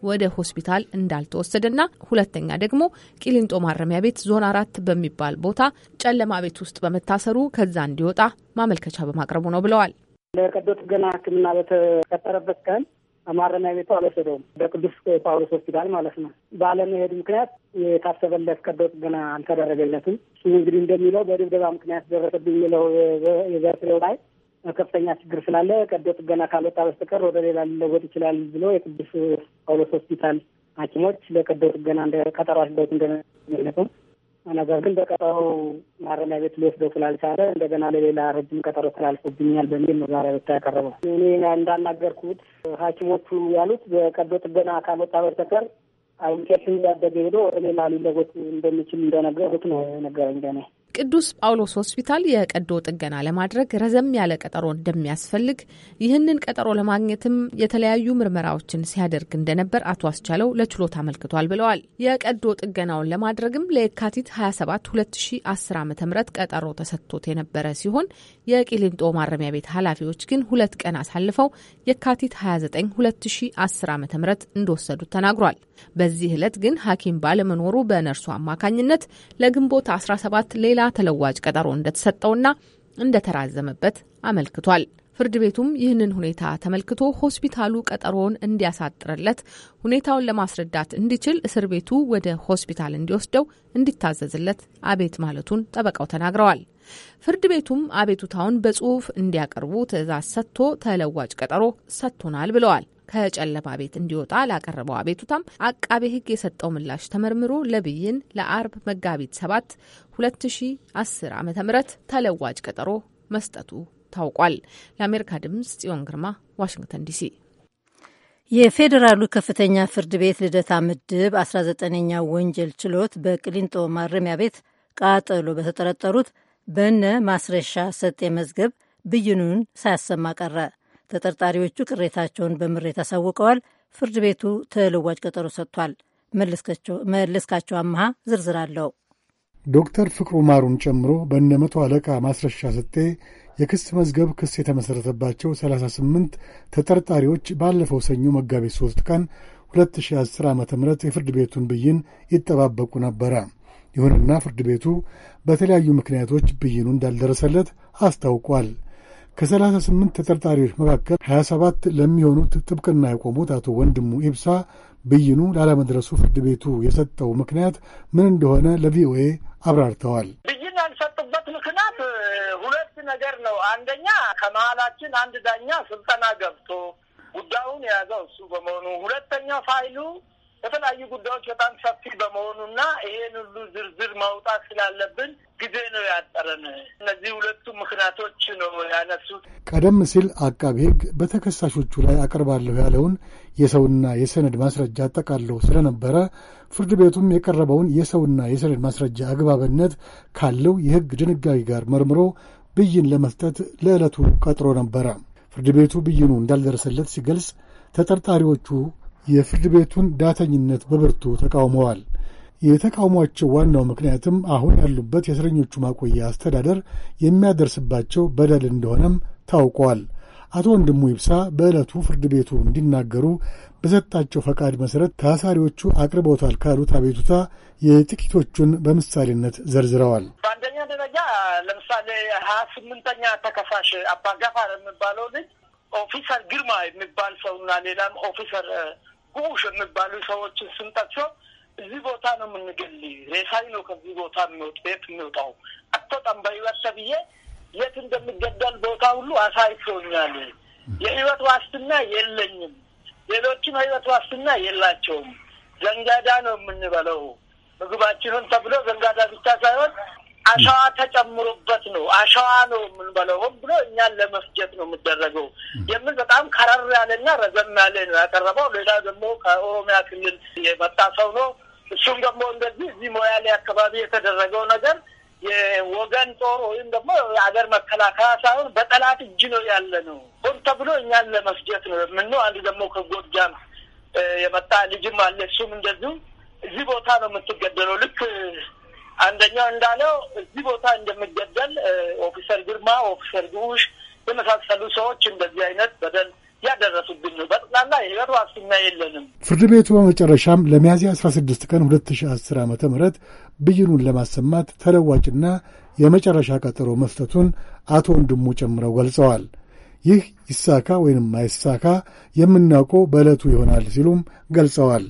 ወደ ሆስፒታል እንዳልተወሰደና ሁለተኛ ደግሞ ቂሊንጦ ማረሚያ ቤት ዞን አራት በሚባል ቦታ ጨለማ ቤት ውስጥ በመታሰሩ ከዛ እንዲወጣ ማመልከቻ በማቅረቡ ነው ብለዋል። ለቀዶ ጥገና ሕክምና በተቀጠረበት ቀን ማረሚያ ቤቱ አልወሰደውም። በቅዱስ ጳውሎስ ሆስፒታል ማለት ነው። ባለመሄድ ምክንያት የታሰበለት ቀዶ ጥገና አልተደረገለትም። እሱ እንግዲህ እንደሚለው በድብደባ ምክንያት ደረሰብኝ የሚለው የዘርፍለው ላይ ከፍተኛ ችግር ስላለ ቀዶ ጥገና ካልወጣ በስተቀር ወደ ሌላ ሊለወጥ ይችላል ብሎ የቅዱስ ጳውሎስ ሆስፒታል ሐኪሞች ለቀዶ ጥገና ቀጠሮ አስደውት እንደነገለጹ ነገር ግን በቀጠሮ ማረሚያ ቤት ሊወስደው ስላልቻለ እንደገና ለሌላ ረጅም ቀጠሮ ስላልፎብኛል በሚል ነው ዛሬ ብታ ያቀረበው። እኔ እንዳናገርኩት ሐኪሞቹ ያሉት በቀዶ ጥገና ካልወጣ በስተቀር አይንኬሽን እያደገ ሄዶ ወደ ሌላ ሊለወጥ እንደሚችል እንደነገሩት ነው የነገረኝ ገና ቅዱስ ጳውሎስ ሆስፒታል የቀዶ ጥገና ለማድረግ ረዘም ያለ ቀጠሮ እንደሚያስፈልግ ይህንን ቀጠሮ ለማግኘትም የተለያዩ ምርመራዎችን ሲያደርግ እንደነበር አቶ አስቻለው ለችሎት አመልክቷል ብለዋል። የቀዶ ጥገናውን ለማድረግም ለየካቲት 27 2010 ዓ ም ቀጠሮ ተሰጥቶት የነበረ ሲሆን የቂሊንጦ ማረሚያ ቤት ኃላፊዎች ግን ሁለት ቀን አሳልፈው የካቲት 29 2010 ዓ ም እንደወሰዱት ተናግሯል። በዚህ ዕለት ግን ሐኪም ባለመኖሩ በነርሱ አማካኝነት ለግንቦት 17 ሌላ ተለዋጭ ቀጠሮ እንደተሰጠውና እንደተራዘመበት አመልክቷል። ፍርድ ቤቱም ይህንን ሁኔታ ተመልክቶ ሆስፒታሉ ቀጠሮውን እንዲያሳጥርለት፣ ሁኔታውን ለማስረዳት እንዲችል እስር ቤቱ ወደ ሆስፒታል እንዲወስደው እንዲታዘዝለት አቤት ማለቱን ጠበቃው ተናግረዋል። ፍርድ ቤቱም አቤቱታውን በጽሁፍ እንዲያቀርቡ ትዕዛዝ ሰጥቶ ተለዋጭ ቀጠሮ ሰጥቶናል ብለዋል። ከጨለማ ቤት እንዲወጣ ላቀረበው አቤቱታም አቃቤ ሕግ የሰጠው ምላሽ ተመርምሮ ለብይን ለአርብ መጋቢት 7 2010 ዓ ም ተለዋጭ ቀጠሮ መስጠቱ ታውቋል። ለአሜሪካ ድምጽ ጽዮን ግርማ ዋሽንግተን ዲሲ። የፌዴራሉ ከፍተኛ ፍርድ ቤት ልደታ ምድብ 19ኛ ወንጀል ችሎት በቅሊንጦ ማረሚያ ቤት ቃጠሎ በተጠረጠሩት በነ ማስረሻ ሰጤ መዝገብ ብይኑን ሳያሰማ ቀረ። ተጠርጣሪዎቹ ቅሬታቸውን በምሬት አሳውቀዋል። ፍርድ ቤቱ ተለዋጭ ቀጠሮ ሰጥቷል። መለስካቸው አመሃ ዝርዝር አለው። ዶክተር ፍቅሩ ማሩን ጨምሮ በእነ መቶ አለቃ ማስረሻ ሰጤ የክስ መዝገብ ክስ የተመሠረተባቸው 38 ተጠርጣሪዎች ባለፈው ሰኞ መጋቢት 3 ቀን 2010 ዓ ም የፍርድ ቤቱን ብይን ይጠባበቁ ነበረ። ይሁንና ፍርድ ቤቱ በተለያዩ ምክንያቶች ብይኑ እንዳልደረሰለት አስታውቋል። ከሰላሳ 38 ተጠርጣሪዎች መካከል 27 ለሚሆኑት ጥብቅና የቆሙት አቶ ወንድሙ ኢብሳ ብይኑ ላለመድረሱ ፍርድ ቤቱ የሰጠው ምክንያት ምን እንደሆነ ለቪኦኤ አብራርተዋል። ብይን ያልሰጡበት ምክንያት ሁለት ነገር ነው። አንደኛ ከመሀላችን አንድ ዳኛ ስልጠና ገብቶ ጉዳዩን የያዘው እሱ በመሆኑ፣ ሁለተኛ ፋይሉ የተለያዩ ጉዳዮች በጣም ሰፊ በመሆኑና ይሄን ሁሉ ዝርዝር ማውጣት ስላለብን ጊዜ ነው ያጠረን። እነዚህ ሁለቱ ምክንያቶች ነው ያነሱት። ቀደም ሲል አቃቢ ሕግ በተከሳሾቹ ላይ አቀርባለሁ ያለውን የሰውና የሰነድ ማስረጃ አጠቃሎ ስለነበረ ፍርድ ቤቱም የቀረበውን የሰውና የሰነድ ማስረጃ አግባብነት ካለው የሕግ ድንጋጌ ጋር መርምሮ ብይን ለመስጠት ለዕለቱ ቀጥሮ ነበረ። ፍርድ ቤቱ ብይኑ እንዳልደረሰለት ሲገልጽ ተጠርጣሪዎቹ የፍርድ ቤቱን ዳተኝነት በብርቱ ተቃውመዋል። የተቃውሟቸው ዋናው ምክንያትም አሁን ያሉበት የእስረኞቹ ማቆያ አስተዳደር የሚያደርስባቸው በደል እንደሆነም ታውቋል። አቶ ወንድሙ ይብሳ በዕለቱ ፍርድ ቤቱ እንዲናገሩ በሰጣቸው ፈቃድ መሠረት ታሳሪዎቹ አቅርበውታል ካሉት አቤቱታ የጥቂቶቹን በምሳሌነት ዘርዝረዋል። በአንደኛ ደረጃ ለምሳሌ ሀያ ስምንተኛ ተከሳሽ አባጋፋር የሚባለው ልጅ ኦፊሰር ግርማ የሚባል ሰውና ሌላም ኦፊሰር ጉሽ የሚባሉ ሰዎችን ስንጠቅሰው እዚህ ቦታ ነው የምንገል፣ ሬሳይ ነው ከዚህ ቦታ የት የሚወጣው አቶጣም በህይወት ተብዬ የት እንደሚገደል ቦታ ሁሉ አሳይቶኛል። የህይወት ዋስትና የለኝም፣ ሌሎችም ህይወት ዋስትና የላቸውም። ዘንጋዳ ነው የምንበለው ምግባችንን ተብሎ ዘንጋዳ ብቻ ሳይሆን አሸዋ ተጨምሮበት ነው አሸዋ ነው የምንበለው። ሆን ብሎ እኛን ለመፍጀት ነው የምደረገው የሚል በጣም ከረር ያለና ረዘም ያለ ነው ያቀረበው። ሌላ ደግሞ ከኦሮሚያ ክልል የመጣ ሰው ነው። እሱም ደግሞ እንደዚህ እዚህ ሞያሌ አካባቢ የተደረገው ነገር የወገን ጦር ወይም ደግሞ የአገር መከላከያ ሳይሆን በጠላት እጅ ነው ያለ ነው። ሆን ተብሎ እኛን ለመፍጀት ነው የምንለው። አንድ ደግሞ ከጎጃም የመጣ ልጅም አለ። እሱም እንደዚሁ እዚህ ቦታ ነው የምትገደለው ልክ አንደኛው እንዳለው እዚህ ቦታ እንደሚገደል ኦፊሰር ግርማ፣ ኦፊሰር ጉሽ የመሳሰሉ ሰዎች እንደዚህ አይነት በደል ያደረሱብን ነው። በጠቅላላ የህይወት ዋስትና የለንም። ፍርድ ቤቱ በመጨረሻም ለሚያዝያ አስራ ስድስት ቀን ሁለት ሺህ አስር ብይኑን ለማሰማት ተለዋጭና የመጨረሻ ቀጠሮ መስጠቱን አቶ ወንድሙ ጨምረው ገልጸዋል። ይህ ይሳካ ወይንም አይሳካ የምናውቀው በዕለቱ ይሆናል ሲሉም ገልጸዋል።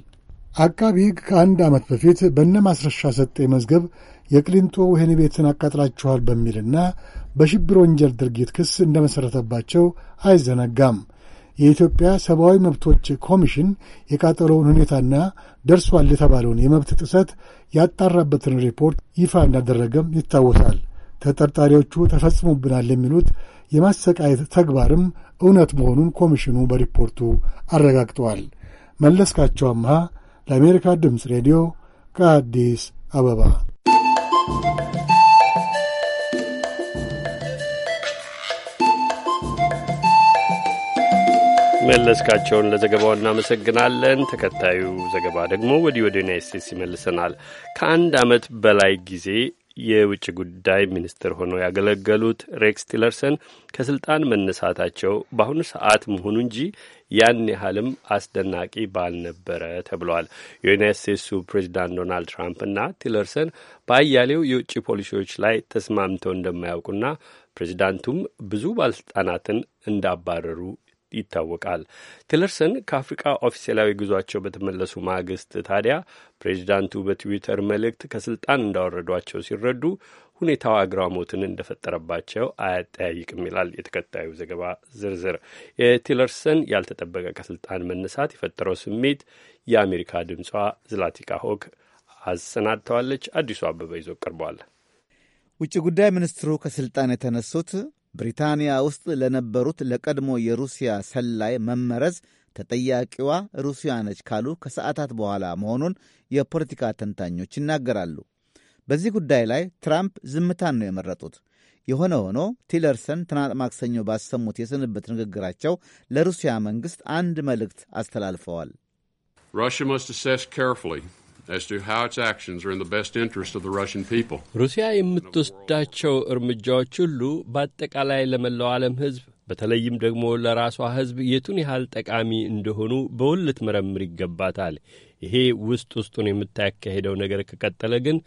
አቃቢ ሕግ ከአንድ ዓመት በፊት በነ ማስረሻ ሰጤ መዝገብ የቅሊንጦ ወህኒ ቤትን አቃጥላችኋል በሚልና በሽብር ወንጀል ድርጊት ክስ እንደመሠረተባቸው አይዘነጋም። የኢትዮጵያ ሰብአዊ መብቶች ኮሚሽን የቃጠሎውን ሁኔታና ደርሷል የተባለውን የመብት ጥሰት ያጣራበትን ሪፖርት ይፋ እንዳደረገም ይታወሳል። ተጠርጣሪዎቹ ተፈጽሞብናል የሚሉት የማሰቃየት ተግባርም እውነት መሆኑን ኮሚሽኑ በሪፖርቱ አረጋግጠዋል። መለስካቸው አምሃ ለአሜሪካ ድምፅ ሬዲዮ ከአዲስ አበባ። መለስካቸውን ለዘገባው እናመሰግናለን። ተከታዩ ዘገባ ደግሞ ወዲህ ወደ ዩናይት ስቴትስ ይመልሰናል። ከአንድ ዓመት በላይ ጊዜ የውጭ ጉዳይ ሚኒስትር ሆነው ያገለገሉት ሬክስ ቲለርሰን ከስልጣን መነሳታቸው በአሁኑ ሰዓት መሆኑ እንጂ ያን ያህልም አስደናቂ ባልነበረ ተብሏል። የዩናይት ስቴትሱ ፕሬዚዳንት ዶናልድ ትራምፕና ቲለርሰን በአያሌው የውጭ ፖሊሲዎች ላይ ተስማምተው እንደማያውቁና ፕሬዚዳንቱም ብዙ ባለስልጣናትን እንዳባረሩ ይታወቃል። ቲለርሰን ከአፍሪቃ ኦፊሴላዊ ጉዟቸው በተመለሱ ማግስት ታዲያ ፕሬዚዳንቱ በትዊተር መልእክት ከስልጣን እንዳወረዷቸው ሲረዱ ሁኔታው አግራሞትን እንደፈጠረባቸው አያጠያይቅም ይላል የተከታዩ ዘገባ ዝርዝር። የቲለርሰን ያልተጠበቀ ከስልጣን መነሳት የፈጠረው ስሜት የአሜሪካ ድምጿ ዝላቲካ ሆክ አሰናድተዋለች። አዲሱ አበበ ይዞ ቀርቧል። ውጭ ጉዳይ ሚኒስትሩ ከስልጣን የተነሱት ብሪታንያ ውስጥ ለነበሩት ለቀድሞ የሩሲያ ሰላይ መመረዝ ተጠያቂዋ ሩሲያ ነች ካሉ ከሰዓታት በኋላ መሆኑን የፖለቲካ ተንታኞች ይናገራሉ። በዚህ ጉዳይ ላይ ትራምፕ ዝምታን ነው የመረጡት። የሆነ ሆኖ ቲለርሰን ትናንት ማክሰኞ ባሰሙት የስንብት ንግግራቸው ለሩሲያ መንግሥት አንድ መልእክት አስተላልፈዋል። ሩሲያ የምትወስዳቸው እርምጃዎች ሁሉ በአጠቃላይ ለመላው ዓለም ሕዝብ በተለይም ደግሞ ለራሷ ሕዝብ የቱን ያህል ጠቃሚ እንደሆኑ በውል ልትመረምር ይገባታል። ይሄ ውስጥ ውስጡን የምታካሄደው ነገር ከቀጠለ ግን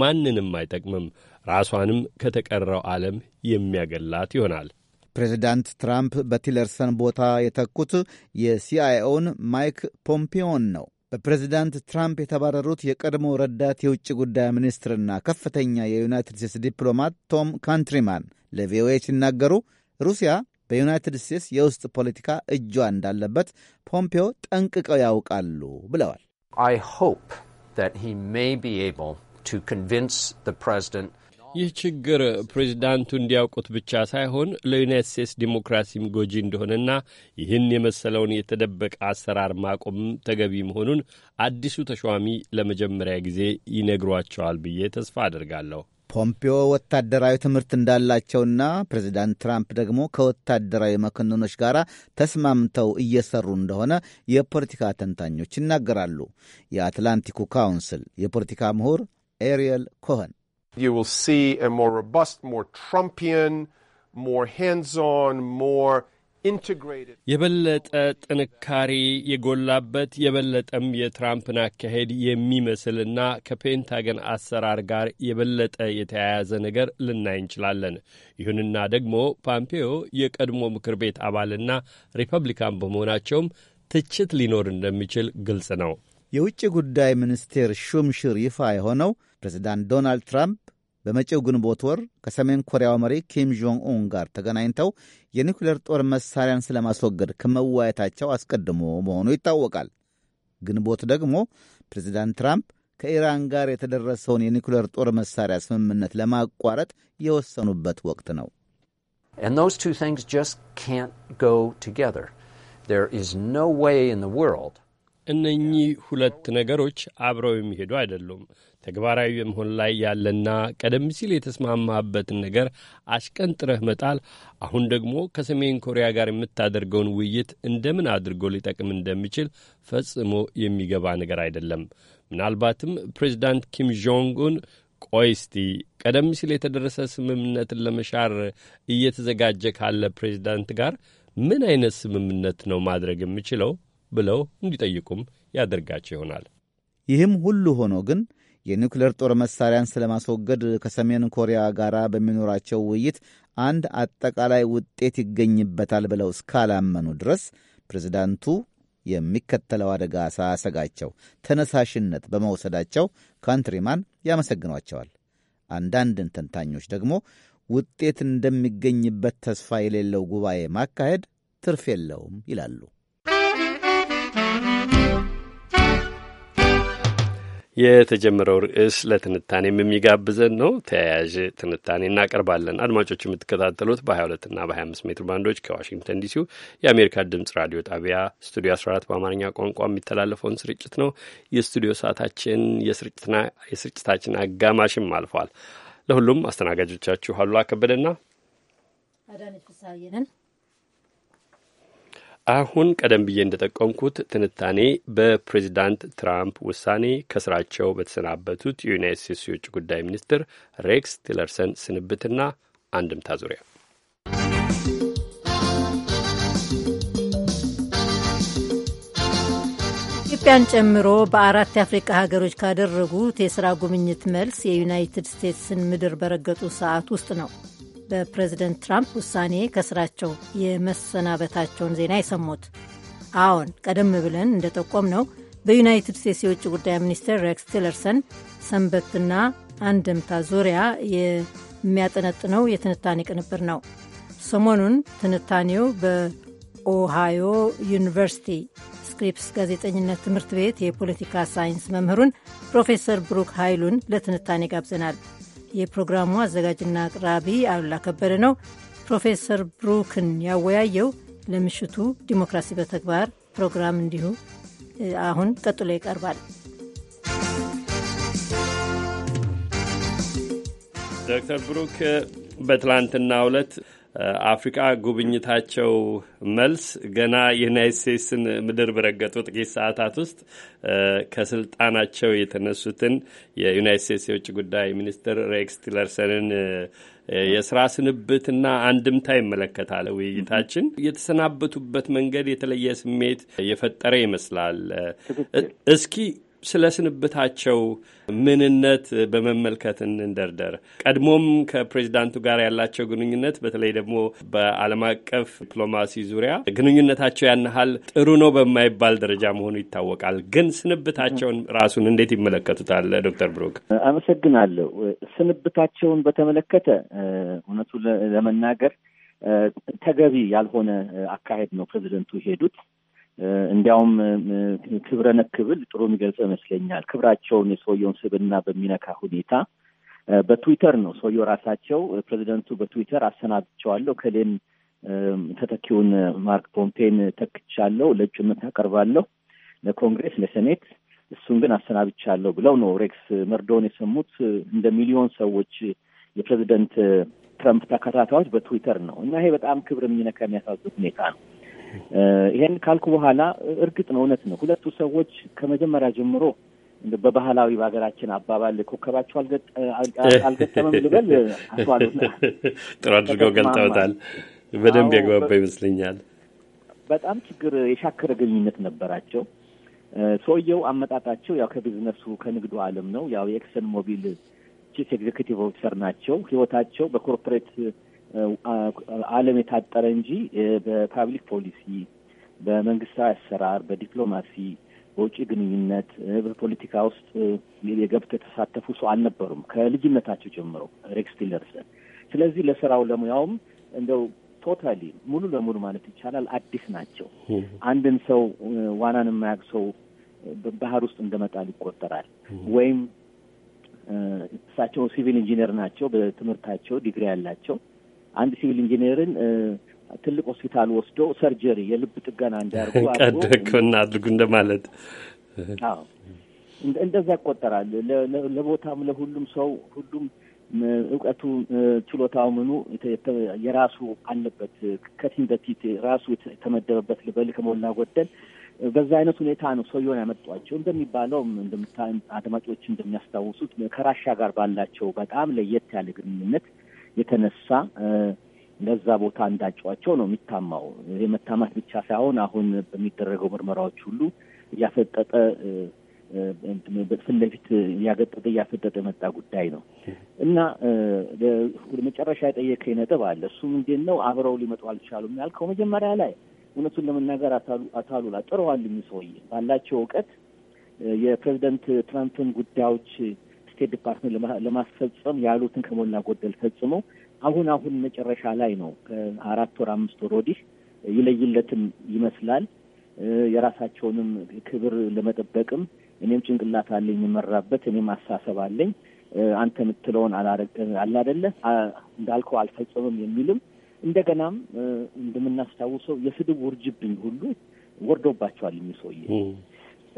ማንንም አይጠቅምም፣ ራሷንም ከተቀረው ዓለም የሚያገላት ይሆናል። ፕሬዚዳንት ትራምፕ በቲለርሰን ቦታ የተኩት የሲአይኦውን ማይክ ፖምፒዮን ነው። በፕሬዚዳንት ትራምፕ የተባረሩት የቀድሞ ረዳት የውጭ ጉዳይ ሚኒስትርና ከፍተኛ የዩናይትድ ስቴትስ ዲፕሎማት ቶም ካንትሪማን ለቪኦኤ ሲናገሩ ሩሲያ በዩናይትድ ስቴትስ የውስጥ ፖለቲካ እጇ እንዳለበት ፖምፒዮ ጠንቅቀው ያውቃሉ ብለዋል። ይህ ችግር ፕሬዚዳንቱ እንዲያውቁት ብቻ ሳይሆን ለዩናይት ስቴትስ ዲሞክራሲም ጎጂ እንደሆነና ይህን የመሰለውን የተደበቀ አሰራር ማቆም ተገቢ መሆኑን አዲሱ ተሿሚ ለመጀመሪያ ጊዜ ይነግሯቸዋል ብዬ ተስፋ አድርጋለሁ። ፖምፒዮ ወታደራዊ ትምህርት እንዳላቸውና ፕሬዚዳንት ትራምፕ ደግሞ ከወታደራዊ መኮንኖች ጋር ተስማምተው እየሰሩ እንደሆነ የፖለቲካ ተንታኞች ይናገራሉ። የአትላንቲኩ ካውንስል የፖለቲካ ምሁር ኤሪየል ኮኸን ዩል ሲ ሞር ሮቡስት የበለጠ ጥንካሬ የጎላበት የበለጠም የትራምፕን አካሄድ የሚመስልና ከፔንታገን አሰራር ጋር የበለጠ የተያያዘ ነገር ልናይ እንችላለን። ይሁንና ደግሞ ፓምፔዮ የቀድሞ ምክር ቤት አባልና ሪፐብሊካን በመሆናቸውም ትችት ሊኖር እንደሚችል ግልጽ ነው። የውጭ ጉዳይ ሚኒስቴር ሹምሽር ይፋ የሆነው ፕሬዚዳንት ዶናልድ ትራምፕ በመጪው ግንቦት ወር ከሰሜን ኮሪያው መሪ ኪም ጆንግ ኡን ጋር ተገናኝተው የኒኩሌር ጦር መሳሪያን ስለማስወገድ ከመዋየታቸው አስቀድሞ መሆኑ ይታወቃል። ግንቦት ደግሞ ፕሬዚዳንት ትራምፕ ከኢራን ጋር የተደረሰውን የኒኩሌር ጦር መሳሪያ ስምምነት ለማቋረጥ የወሰኑበት ወቅት ነው። እነኚህ ሁለት ነገሮች አብረው የሚሄዱ አይደሉም። ተግባራዊ በመሆን ላይ ያለና ቀደም ሲል የተስማማበትን ነገር አሽቀንጥረህ መጣል አሁን ደግሞ ከሰሜን ኮሪያ ጋር የምታደርገውን ውይይት እንደምን አድርጎ ሊጠቅም እንደሚችል ፈጽሞ የሚገባ ነገር አይደለም። ምናልባትም ፕሬዚዳንት ኪም ጆንግ ኡን ቆይ እስቲ ቀደም ሲል የተደረሰ ስምምነትን ለመሻር እየተዘጋጀ ካለ ፕሬዚዳንት ጋር ምን አይነት ስምምነት ነው ማድረግ የምችለው ብለው እንዲጠይቁም ያደርጋቸው ይሆናል። ይህም ሁሉ ሆኖ ግን የኒውክሌር ጦር መሳሪያን ስለማስወገድ ከሰሜን ኮሪያ ጋር በሚኖራቸው ውይይት አንድ አጠቃላይ ውጤት ይገኝበታል ብለው እስካላመኑ ድረስ ፕሬዚዳንቱ የሚከተለው አደጋ ሳያሰጋቸው ተነሳሽነት በመውሰዳቸው ካንትሪማን ያመሰግኗቸዋል። አንዳንድን ተንታኞች ደግሞ ውጤት እንደሚገኝበት ተስፋ የሌለው ጉባኤ ማካሄድ ትርፍ የለውም ይላሉ። የተጀመረው ርዕስ ለትንታኔም የሚጋብዘን ነው። ተያያዥ ትንታኔ እናቀርባለን። አድማጮች የምትከታተሉት በ22 እና በ25 ሜትር ባንዶች ከዋሽንግተን ዲሲው የአሜሪካ ድምጽ ራዲዮ ጣቢያ ስቱዲዮ 14 በአማርኛ ቋንቋ የሚተላለፈውን ስርጭት ነው። የስቱዲዮ ሰዓታችን የስርጭታችን አጋማሽም አልፏል። ለሁሉም አስተናጋጆቻችሁ አሉላ ከበደና አዳነች ፍስሀዬ ነን። አሁን ቀደም ብዬ እንደጠቆምኩት ትንታኔ በፕሬዚዳንት ትራምፕ ውሳኔ ከስራቸው በተሰናበቱት የዩናይት ስቴትስ የውጭ ጉዳይ ሚኒስትር ሬክስ ቲለርሰን ስንብትና አንድምታ ዙሪያ ኢትዮጵያን ጨምሮ በአራት የአፍሪቃ ሀገሮች ካደረጉት የሥራ ጉብኝት መልስ የዩናይትድ ስቴትስን ምድር በረገጡ ሰዓት ውስጥ ነው በፕሬዝደንት ትራምፕ ውሳኔ ከስራቸው የመሰናበታቸውን ዜና የሰሙት። አዎን፣ ቀደም ብለን እንደጠቆም ነው በዩናይትድ ስቴትስ የውጭ ጉዳይ ሚኒስትር ሬክስ ቲለርሰን ሰንበትና አንድምታ ዙሪያ የሚያጠነጥነው የትንታኔ ቅንብር ነው። ሰሞኑን ትንታኔው በኦሃዮ ዩኒቨርሲቲ ስክሪፕስ ጋዜጠኝነት ትምህርት ቤት የፖለቲካ ሳይንስ መምህሩን ፕሮፌሰር ብሩክ ኃይሉን ለትንታኔ ጋብዘናል። የፕሮግራሙ አዘጋጅና አቅራቢ አሉላ ከበደ ነው። ፕሮፌሰር ብሩክን ያወያየው ለምሽቱ ዲሞክራሲ በተግባር ፕሮግራም እንዲሁ አሁን ቀጥሎ ይቀርባል። ዶክተር ብሩክ በትላንትና ዕለት አፍሪቃ ጉብኝታቸው መልስ ገና የዩናይት ስቴትስን ምድር በረገጡ ጥቂት ሰዓታት ውስጥ ከስልጣናቸው የተነሱትን የዩናይት ስቴትስ የውጭ ጉዳይ ሚኒስትር ሬክስ ቲለርሰንን የስራ ስንብትና አንድምታ ይመለከታል። ውይይታችን የተሰናበቱበት መንገድ የተለየ ስሜት የፈጠረ ይመስላል። እስኪ ስለ ስንብታቸው ምንነት በመመልከት እንደርደር። ቀድሞም ከፕሬዚዳንቱ ጋር ያላቸው ግንኙነት በተለይ ደግሞ በዓለም አቀፍ ዲፕሎማሲ ዙሪያ ግንኙነታቸው ያንሃል ጥሩ ነው በማይባል ደረጃ መሆኑ ይታወቃል። ግን ስንብታቸውን ራሱን እንዴት ይመለከቱታል? ዶክተር ብሩክ አመሰግናለሁ። ስንብታቸውን በተመለከተ እውነቱ ለመናገር ተገቢ ያልሆነ አካሄድ ነው ፕሬዚደንቱ ሄዱት። እንዲያውም ክብረ ነክብል ጥሩ የሚገልጸው ይመስለኛል። ክብራቸውን የሰውየውን ስብና በሚነካ ሁኔታ በትዊተር ነው ሰውየው ራሳቸው ፕሬዚደንቱ በትዊተር አሰናብቸዋለሁ ከሌን ተተኪውን ማርክ ፖምፔን ተክቻለሁ፣ ለእጩነት አቀርባለሁ ለኮንግሬስ ለሴኔት፣ እሱን ግን አሰናብቻለሁ ብለው ነው ሬክስ መርዶን የሰሙት። እንደ ሚሊዮን ሰዎች የፕሬዚደንት ትረምፕ ተከታታዮች በትዊተር ነው እና ይሄ በጣም ክብር የሚነካ የሚያሳዝን ሁኔታ ነው። ይሄን ካልኩ በኋላ እርግጥ ነው እውነት ነው። ሁለቱ ሰዎች ከመጀመሪያ ጀምሮ በባህላዊ በሀገራችን አባባል ኮከባቸው አልገጠመም ልበል። (laughs) ጥሩ አድርገው ገልጠውታል። በደንብ ያግባባ ይመስለኛል። በጣም ችግር የሻከረ ግንኙነት ነበራቸው። ሰውየው አመጣጣቸው ያው ከቢዝነሱ ከንግዱ አለም ነው። ያው የኤክሰን ሞቢል ቺፍ ኤግዜኪቲቭ ኦፊሰር ናቸው። ህይወታቸው በኮርፖሬት ዓለም የታጠረ እንጂ በፓብሊክ ፖሊሲ፣ በመንግስታዊ አሰራር፣ በዲፕሎማሲ፣ በውጭ ግንኙነት፣ በፖለቲካ ውስጥ የገብት የተሳተፉ ሰው አልነበሩም ከልጅነታቸው ጀምሮ ሬክስ ቲለርሰን። ስለዚህ ለስራው ለሙያውም እንደው ቶታሊ ሙሉ ለሙሉ ማለት ይቻላል አዲስ ናቸው። አንድን ሰው ዋናን የማያውቅ ሰው ባህር ውስጥ እንደመጣል ይቆጠራል። ወይም እሳቸው ሲቪል ኢንጂነር ናቸው በትምህርታቸው ዲግሪ ያላቸው አንድ ሲቪል ኢንጂነርን ትልቅ ሆስፒታል ወስዶ ሰርጀሪ የልብ ጥገና እንዲያርጉ አድርጉ እንደማለት እንደዛ ይቆጠራል። ለቦታም ለሁሉም ሰው ሁሉም እውቀቱ ችሎታው ምኑ የራሱ አለበት ከቲም በፊት ራሱ የተመደበበት ልበል ከሞላ ጎደል በዛ አይነት ሁኔታ ነው ሰውየውን ያመጧቸው። እንደሚባለውም አድማጮች እንደሚያስታውሱት ከራሻ ጋር ባላቸው በጣም ለየት ያለ ግንኙነት የተነሳ ለዛ ቦታ እንዳጫዋቸው ነው የሚታማው። ይሄ መታማት ብቻ ሳይሆን አሁን በሚደረገው ምርመራዎች ሁሉ እያፈጠጠ ፊት ለፊት እያገጠጠ እያፈጠጠ የመጣ ጉዳይ ነው እና መጨረሻ የጠየቀኝ ነጥብ አለ። እሱ ምንድን ነው አብረው ሊመጡ አልቻሉም ያልከው መጀመሪያ ላይ እውነቱን ለመናገር አታሉላ ጥረዋል። ሰውዬ ባላቸው እውቀት የፕሬዚደንት ትራምፕን ጉዳዮች ስቴት ዲፓርትመንት ለማስፈጸም ያሉትን ከሞላ ጎደል ፈጽሞ አሁን አሁን መጨረሻ ላይ ነው ከአራት ወር አምስት ወር ወዲህ ይለይለትም ይመስላል የራሳቸውንም ክብር ለመጠበቅም እኔም ጭንቅላት አለኝ የሚመራበት እኔም አሳሰብ አለኝ አንተ የምትለውን አላደለ እንዳልከው አልፈጸምም የሚልም እንደገናም እንደምናስታውሰው የስድብ ውርጅብኝ ሁሉ ወርዶባቸዋል። የሚሰውዬ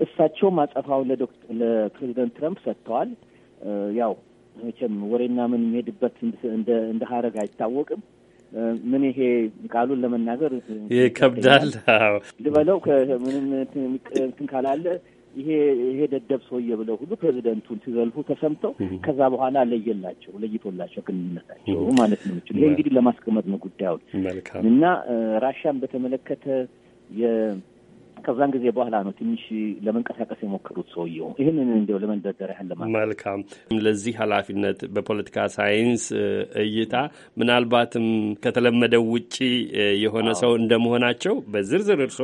እሳቸውም አጸፋውን ለፕሬዚደንት ትረምፕ ሰጥተዋል። ያው መቼም ወሬና ምን የሚሄድበት እንደ ሀረግ አይታወቅም። ምን ይሄ ቃሉን ለመናገር ይከብዳል ልበለው። ምንም እንትን ካላለ ይሄ ይሄ ደደብ ሰውዬ ብለው ሁሉ ፕሬዚደንቱን ሲዘልፉ ተሰምተው ከዛ በኋላ ለየላቸው ለይቶላቸው ግንኙነታቸው ማለት ነው። ይሄ እንግዲህ ለማስቀመጥ ነው ጉዳዩን እና ራሽያን በተመለከተ ከዛን ጊዜ በኋላ ነው ትንሽ ለመንቀሳቀስ የሞከሩት ሰውየው። ይህንን እንዲያው ለመንደርደር ያህል ለማለት መልካም። ለዚህ ኃላፊነት በፖለቲካ ሳይንስ እይታ ምናልባትም ከተለመደው ውጪ የሆነ ሰው እንደመሆናቸው በዝርዝር እርሶ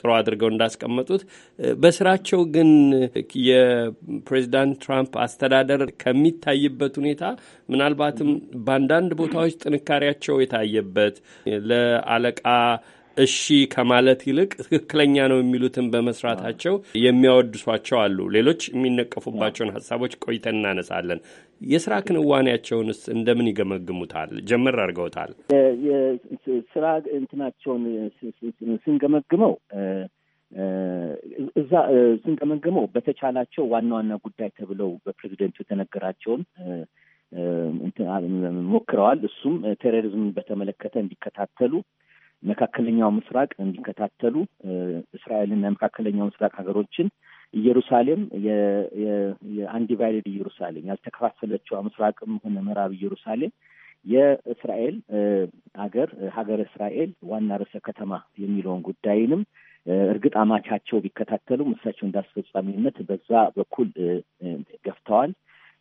ጥሩ አድርገው እንዳስቀመጡት፣ በስራቸው ግን የፕሬዚዳንት ትራምፕ አስተዳደር ከሚታይበት ሁኔታ ምናልባትም በአንዳንድ ቦታዎች ጥንካሬያቸው የታየበት ለአለቃ እሺ ከማለት ይልቅ ትክክለኛ ነው የሚሉትን በመስራታቸው የሚያወድሷቸው አሉ። ሌሎች የሚነቀፉባቸውን ሀሳቦች ቆይተን እናነሳለን። የስራ ክንዋኔያቸውንስ እንደምን ይገመግሙታል? ጀመር አድርገውታል። ስራ እንትናቸውን ስንገመግመው እዛ ስንገመግመው በተቻላቸው ዋና ዋና ጉዳይ ተብለው በፕሬዚደንቱ የተነገራቸውን ሞክረዋል። እሱም ቴሮሪዝምን በተመለከተ እንዲከታተሉ መካከለኛው ምስራቅ እንዲከታተሉ እስራኤልና መካከለኛው ምስራቅ ሀገሮችን ኢየሩሳሌም የአንዲቫይድድ ኢየሩሳሌም ያልተከፋፈለችው ምስራቅም ሆነ ምዕራብ ኢየሩሳሌም የእስራኤል ሀገር ሀገር እስራኤል ዋና ርዕሰ ከተማ የሚለውን ጉዳይንም እርግጥ አማቻቸው ቢከታተሉም እሳቸው እንዳስፈጻሚነት በዛ በኩል ገፍተዋል።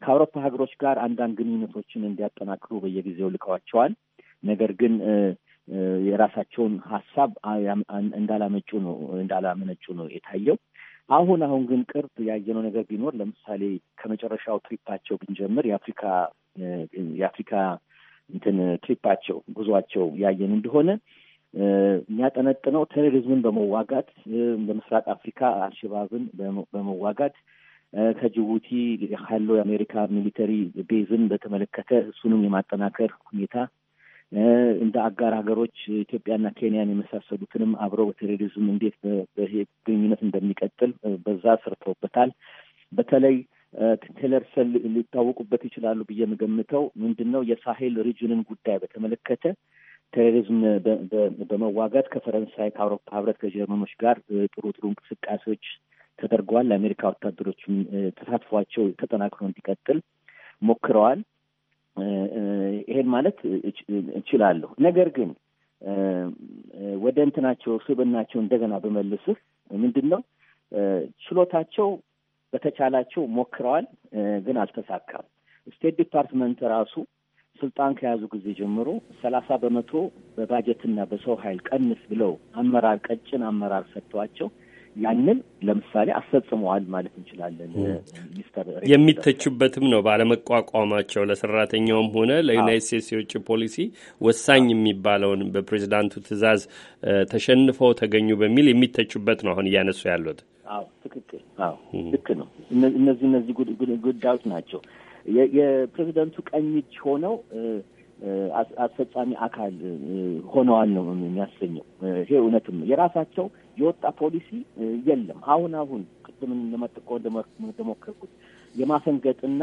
ከአውሮፓ ሀገሮች ጋር አንዳንድ ግንኙነቶችን እንዲያጠናክሩ በየጊዜው ልከዋቸዋል። ነገር ግን የራሳቸውን ሀሳብ እንዳላመጩ ነው እንዳላመነጩ ነው የታየው። አሁን አሁን ግን ቅርብ ያየነው ነገር ቢኖር ለምሳሌ ከመጨረሻው ትሪፓቸው ብንጀምር የአፍሪካ የአፍሪካ እንትን ትሪፓቸው ጉዟቸው ያየን እንደሆነ የሚያጠነጥነው ቴሮሪዝምን በመዋጋት በምስራቅ አፍሪካ አልሸባብን በመዋጋት ከጅቡቲ ካለው የአሜሪካ ሚሊተሪ ቤዝን በተመለከተ እሱንም የማጠናከር ሁኔታ እንደ አጋር ሀገሮች ኢትዮጵያና ኬንያን የመሳሰሉትንም አብረው በቴሮሪዝም እንዴት ግንኙነት እንደሚቀጥል በዛ ሰርተውበታል። በተለይ ቴለርሰን ሊታወቁበት ይችላሉ ብዬ የምገምተው ምንድን ነው የሳሄል ሪጅንን ጉዳይ በተመለከተ ቴሮሪዝም በመዋጋት ከፈረንሳይ፣ ከአውሮፓ ህብረት፣ ከጀርመኖች ጋር ጥሩ ጥሩ እንቅስቃሴዎች ተደርገዋል። ለአሜሪካ ወታደሮችም ተሳትፏቸው ተጠናክሮ እንዲቀጥል ሞክረዋል። ይሄን ማለት እችላለሁ። ነገር ግን ወደ እንትናቸው ስብናቸው እንደገና በመልስህ ምንድን ነው ችሎታቸው በተቻላቸው ሞክረዋል፣ ግን አልተሳካም። ስቴት ዲፓርትመንት ራሱ ስልጣን ከያዙ ጊዜ ጀምሮ ሰላሳ በመቶ በባጀትና በሰው ኃይል ቀንስ ብለው አመራር ቀጭን አመራር ሰጥቷቸው ያንን ለምሳሌ አስፈጽመዋል ማለት እንችላለን። ሚስተር የሚተቹበትም ነው ባለመቋቋማቸው ለሰራተኛውም ሆነ ለዩናይት ስቴትስ የውጭ ፖሊሲ ወሳኝ የሚባለውን በፕሬዚዳንቱ ትዕዛዝ ተሸንፈው ተገኙ በሚል የሚተቹበት ነው አሁን እያነሱ ያሉት። አዎ ትክክል። አዎ ልክ ነው። እነዚህ እነዚህ ጉዳዮች ናቸው የፕሬዚዳንቱ ቀኝ እጅ ሆነው አስፈጻሚ አካል ሆነዋል ነው የሚያሰኘው። ይሄ እውነትም የራሳቸው የወጣ ፖሊሲ የለም። አሁን አሁን ቅድም ለመጠቆ እንደሞከርኩት የማፈንገጥና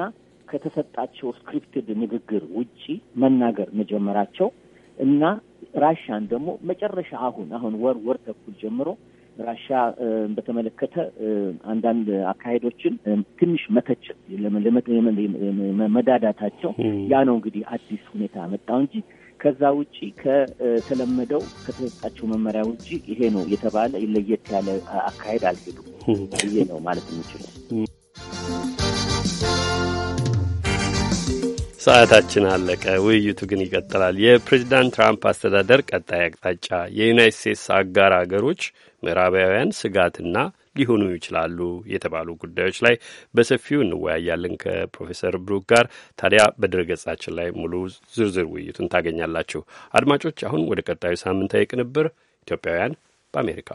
ከተሰጣቸው ስክሪፕትድ ንግግር ውጪ መናገር መጀመራቸው እና ራሻን ደግሞ መጨረሻ አሁን አሁን ወር ወር ተኩል ጀምሮ ራሻ በተመለከተ አንዳንድ አካሄዶችን ትንሽ መተቸት መዳዳታቸው ያ ነው እንግዲህ አዲስ ሁኔታ መጣው እንጂ ከዛ ውጪ ከተለመደው ከተሰጣቸው መመሪያ ውጪ ይሄ ነው የተባለ ለየት ያለ አካሄድ አልሄዱም። ይሄ ነው ማለት የምችለው። ሰዓታችን አለቀ። ውይይቱ ግን ይቀጥላል። የፕሬዚዳንት ትራምፕ አስተዳደር ቀጣይ አቅጣጫ የዩናይት ስቴትስ አጋር አገሮች ምዕራባውያን ስጋትና ሊሆኑ ይችላሉ የተባሉ ጉዳዮች ላይ በሰፊው እንወያያለን ከፕሮፌሰር ብሩክ ጋር። ታዲያ በድረገጻችን ላይ ሙሉ ዝርዝር ውይይቱን ታገኛላችሁ። አድማጮች፣ አሁን ወደ ቀጣዩ ሳምንታዊ ቅንብር ኢትዮጵያውያን በአሜሪካ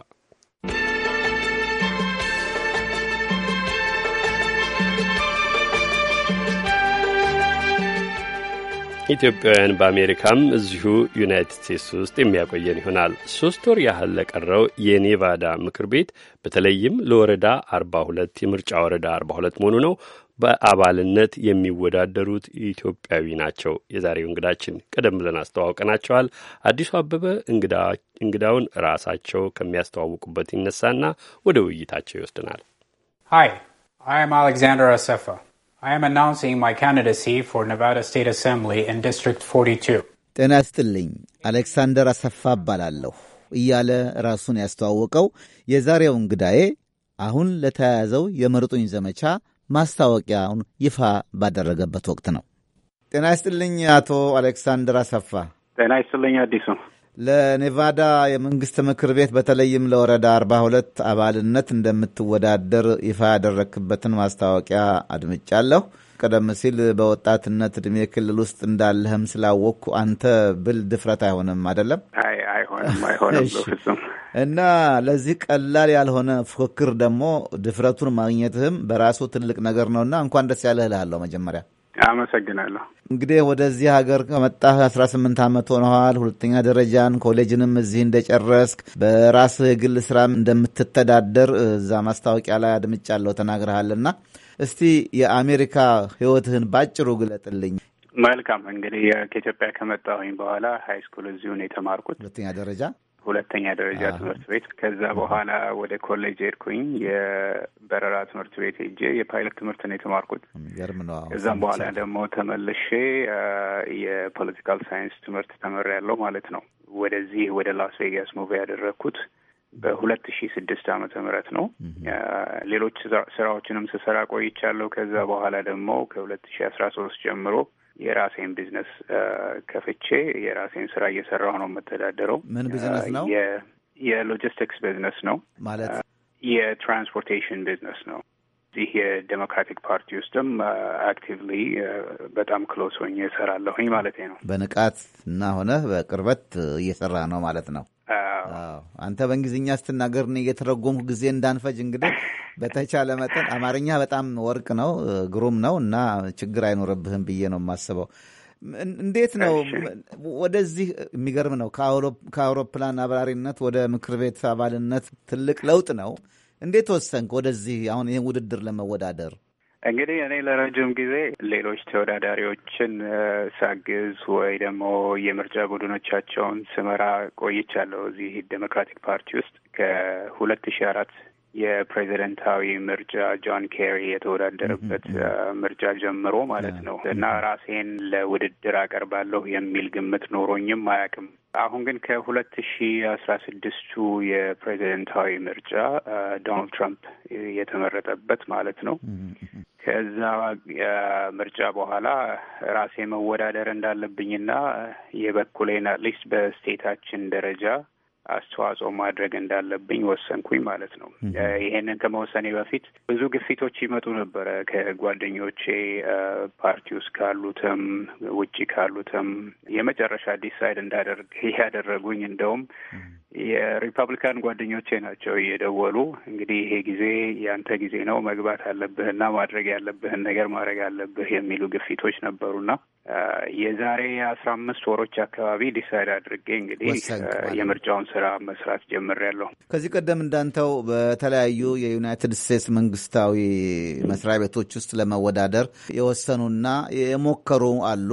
ኢትዮጵያውያን በአሜሪካም እዚሁ ዩናይትድ ስቴትስ ውስጥ የሚያቆየን ይሆናል። ሶስት ወር ያህል ለቀረው የኔቫዳ ምክር ቤት በተለይም ለወረዳ 42 የምርጫ ወረዳ 42 መሆኑ ነው በአባልነት የሚወዳደሩት ኢትዮጵያዊ ናቸው። የዛሬው እንግዳችን ቀደም ብለን አስተዋውቀናቸዋል። አዲሱ አበበ እንግዳውን ራሳቸው ከሚያስተዋውቁበት ይነሳና ወደ ውይይታቸው ይወስድናል። ሃይ አይ አም አሌክዛንደር አሰፋ ጤና ይስጥልኝ። አሌክሳንደር አሰፋ እባላለሁ እያለ ራሱን ያስተዋወቀው የዛሬው እንግዳዬ አሁን ለተያያዘው የምረጡኝ ዘመቻ ማስታወቂያውን ይፋ ባደረገበት ወቅት ነው። ጤና ይስጥልኝ አቶ አሌክሳንደር አሰፋ። ጤና ይስጥልኝ አዲሱ። ለኔቫዳ የመንግስት ምክር ቤት በተለይም ለወረዳ 42 አባልነት እንደምትወዳደር ይፋ ያደረክበትን ማስታወቂያ አድምጫለሁ። ቀደም ሲል በወጣትነት እድሜ ክልል ውስጥ እንዳለህም ስላወቅኩ አንተ ብል ድፍረት አይሆንም አይደለም? አይሆንም፣ አይሆንም እና ለዚህ ቀላል ያልሆነ ፉክክር ደግሞ ድፍረቱን ማግኘትህም በራሱ ትልቅ ነገር ነውና እንኳን ደስ ያለህ እልሃለሁ መጀመሪያ አመሰግናለሁ። እንግዲህ ወደዚህ ሀገር ከመጣህ አስራ ስምንት ዓመት ሆነዋል። ሁለተኛ ደረጃን ኮሌጅንም እዚህ እንደጨረስክ በራስህ ግል ስራ እንደምትተዳደር እዛ ማስታወቂያ ላይ አድምጫለሁ ተናግረሃልና እስቲ የአሜሪካ ህይወትህን ባጭሩ ግለጥልኝ። መልካም እንግዲህ ከኢትዮጵያ ከመጣሁኝ በኋላ ሀይ ስኩል እዚሁ ነው የተማርኩት ሁለተኛ ደረጃ ሁለተኛ ደረጃ ትምህርት ቤት። ከዛ በኋላ ወደ ኮሌጅ ሄድኩኝ። የበረራ ትምህርት ቤት ሄጄ የፓይለት ትምህርት ነው የተማርኩት። ከዛም በኋላ ደግሞ ተመልሼ የፖለቲካል ሳይንስ ትምህርት ተምሬያለሁ ማለት ነው። ወደዚህ ወደ ላስ ቬጋስ ሙቪ ያደረግኩት በሁለት ሺ ስድስት ዓመተ ምህረት ነው። ሌሎች ስራዎችንም ስሰራ ቆይቻለሁ። ከዛ በኋላ ደግሞ ከሁለት ሺ አስራ ሶስት ጀምሮ የራሴን ቢዝነስ ከፍቼ የራሴን ስራ እየሰራሁ ነው የምተዳደረው። ምን ቢዝነስ ነው? የሎጂስቲክስ ቢዝነስ ነው ማለት የትራንስፖርቴሽን ቢዝነስ ነው። እዚህ የዴሞክራቲክ ፓርቲ ውስጥም አክቲቭሊ በጣም ክሎስ ሆኜ እሰራለሁኝ ማለት ነው። በንቃት እና ሆነ በቅርበት እየሰራ ነው ማለት ነው። አንተ በእንግሊዝኛ ስትናገር እኔ እየተረጎምኩ ጊዜ እንዳንፈጅ እንግዲህ በተቻለ መጠን አማርኛ በጣም ወርቅ ነው፣ ግሩም ነው እና ችግር አይኖረብህም ብዬ ነው የማስበው። እንዴት ነው ወደዚህ? የሚገርም ነው። ከአውሮፕላን አብራሪነት ወደ ምክር ቤት አባልነት ትልቅ ለውጥ ነው። እንዴት ወሰንክ ወደዚህ አሁን ይህን ውድድር ለመወዳደር? እንግዲህ እኔ ለረጅም ጊዜ ሌሎች ተወዳዳሪዎችን ሳግዝ ወይ ደግሞ የምርጫ ቡድኖቻቸውን ስመራ ቆይቻለሁ እዚህ ዴሞክራቲክ ፓርቲ ውስጥ ከሁለት ሺ አራት የፕሬዚደንታዊ ምርጫ ጆን ኬሪ የተወዳደረበት ምርጫ ጀምሮ ማለት ነው እና ራሴን ለውድድር አቀርባለሁ የሚል ግምት ኖሮኝም አያውቅም። አሁን ግን ከሁለት ሺ አስራ ስድስቱ የፕሬዚደንታዊ ምርጫ ዶናልድ ትራምፕ የተመረጠበት ማለት ነው ከዛ ምርጫ በኋላ ራሴ መወዳደር እንዳለብኝና የበኩሌን አትሊስት በስቴታችን ደረጃ አስተዋጽኦ ማድረግ እንዳለብኝ ወሰንኩኝ ማለት ነው። ይሄንን ከመወሰኔ በፊት ብዙ ግፊቶች ይመጡ ነበረ ከጓደኞቼ፣ ፓርቲ ውስጥ ካሉትም ውጭ ካሉትም የመጨረሻ ዲሳይድ እንዳደርግ ያደረጉኝ እንደውም የሪፐብሊካን ጓደኞቼ ናቸው እየደወሉ እንግዲህ ይሄ ጊዜ ያንተ ጊዜ ነው መግባት አለብህና ማድረግ ያለብህን ነገር ማድረግ አለብህ የሚሉ ግፊቶች ነበሩና የዛሬ አስራ አምስት ወሮች አካባቢ ዲሳይድ አድርጌ እንግዲህ የምርጫውን ስራ መስራት ጀምሬያለሁ። ከዚህ ቀደም እንዳንተው በተለያዩ የዩናይትድ ስቴትስ መንግስታዊ መስሪያ ቤቶች ውስጥ ለመወዳደር የወሰኑና የሞከሩ አሉ።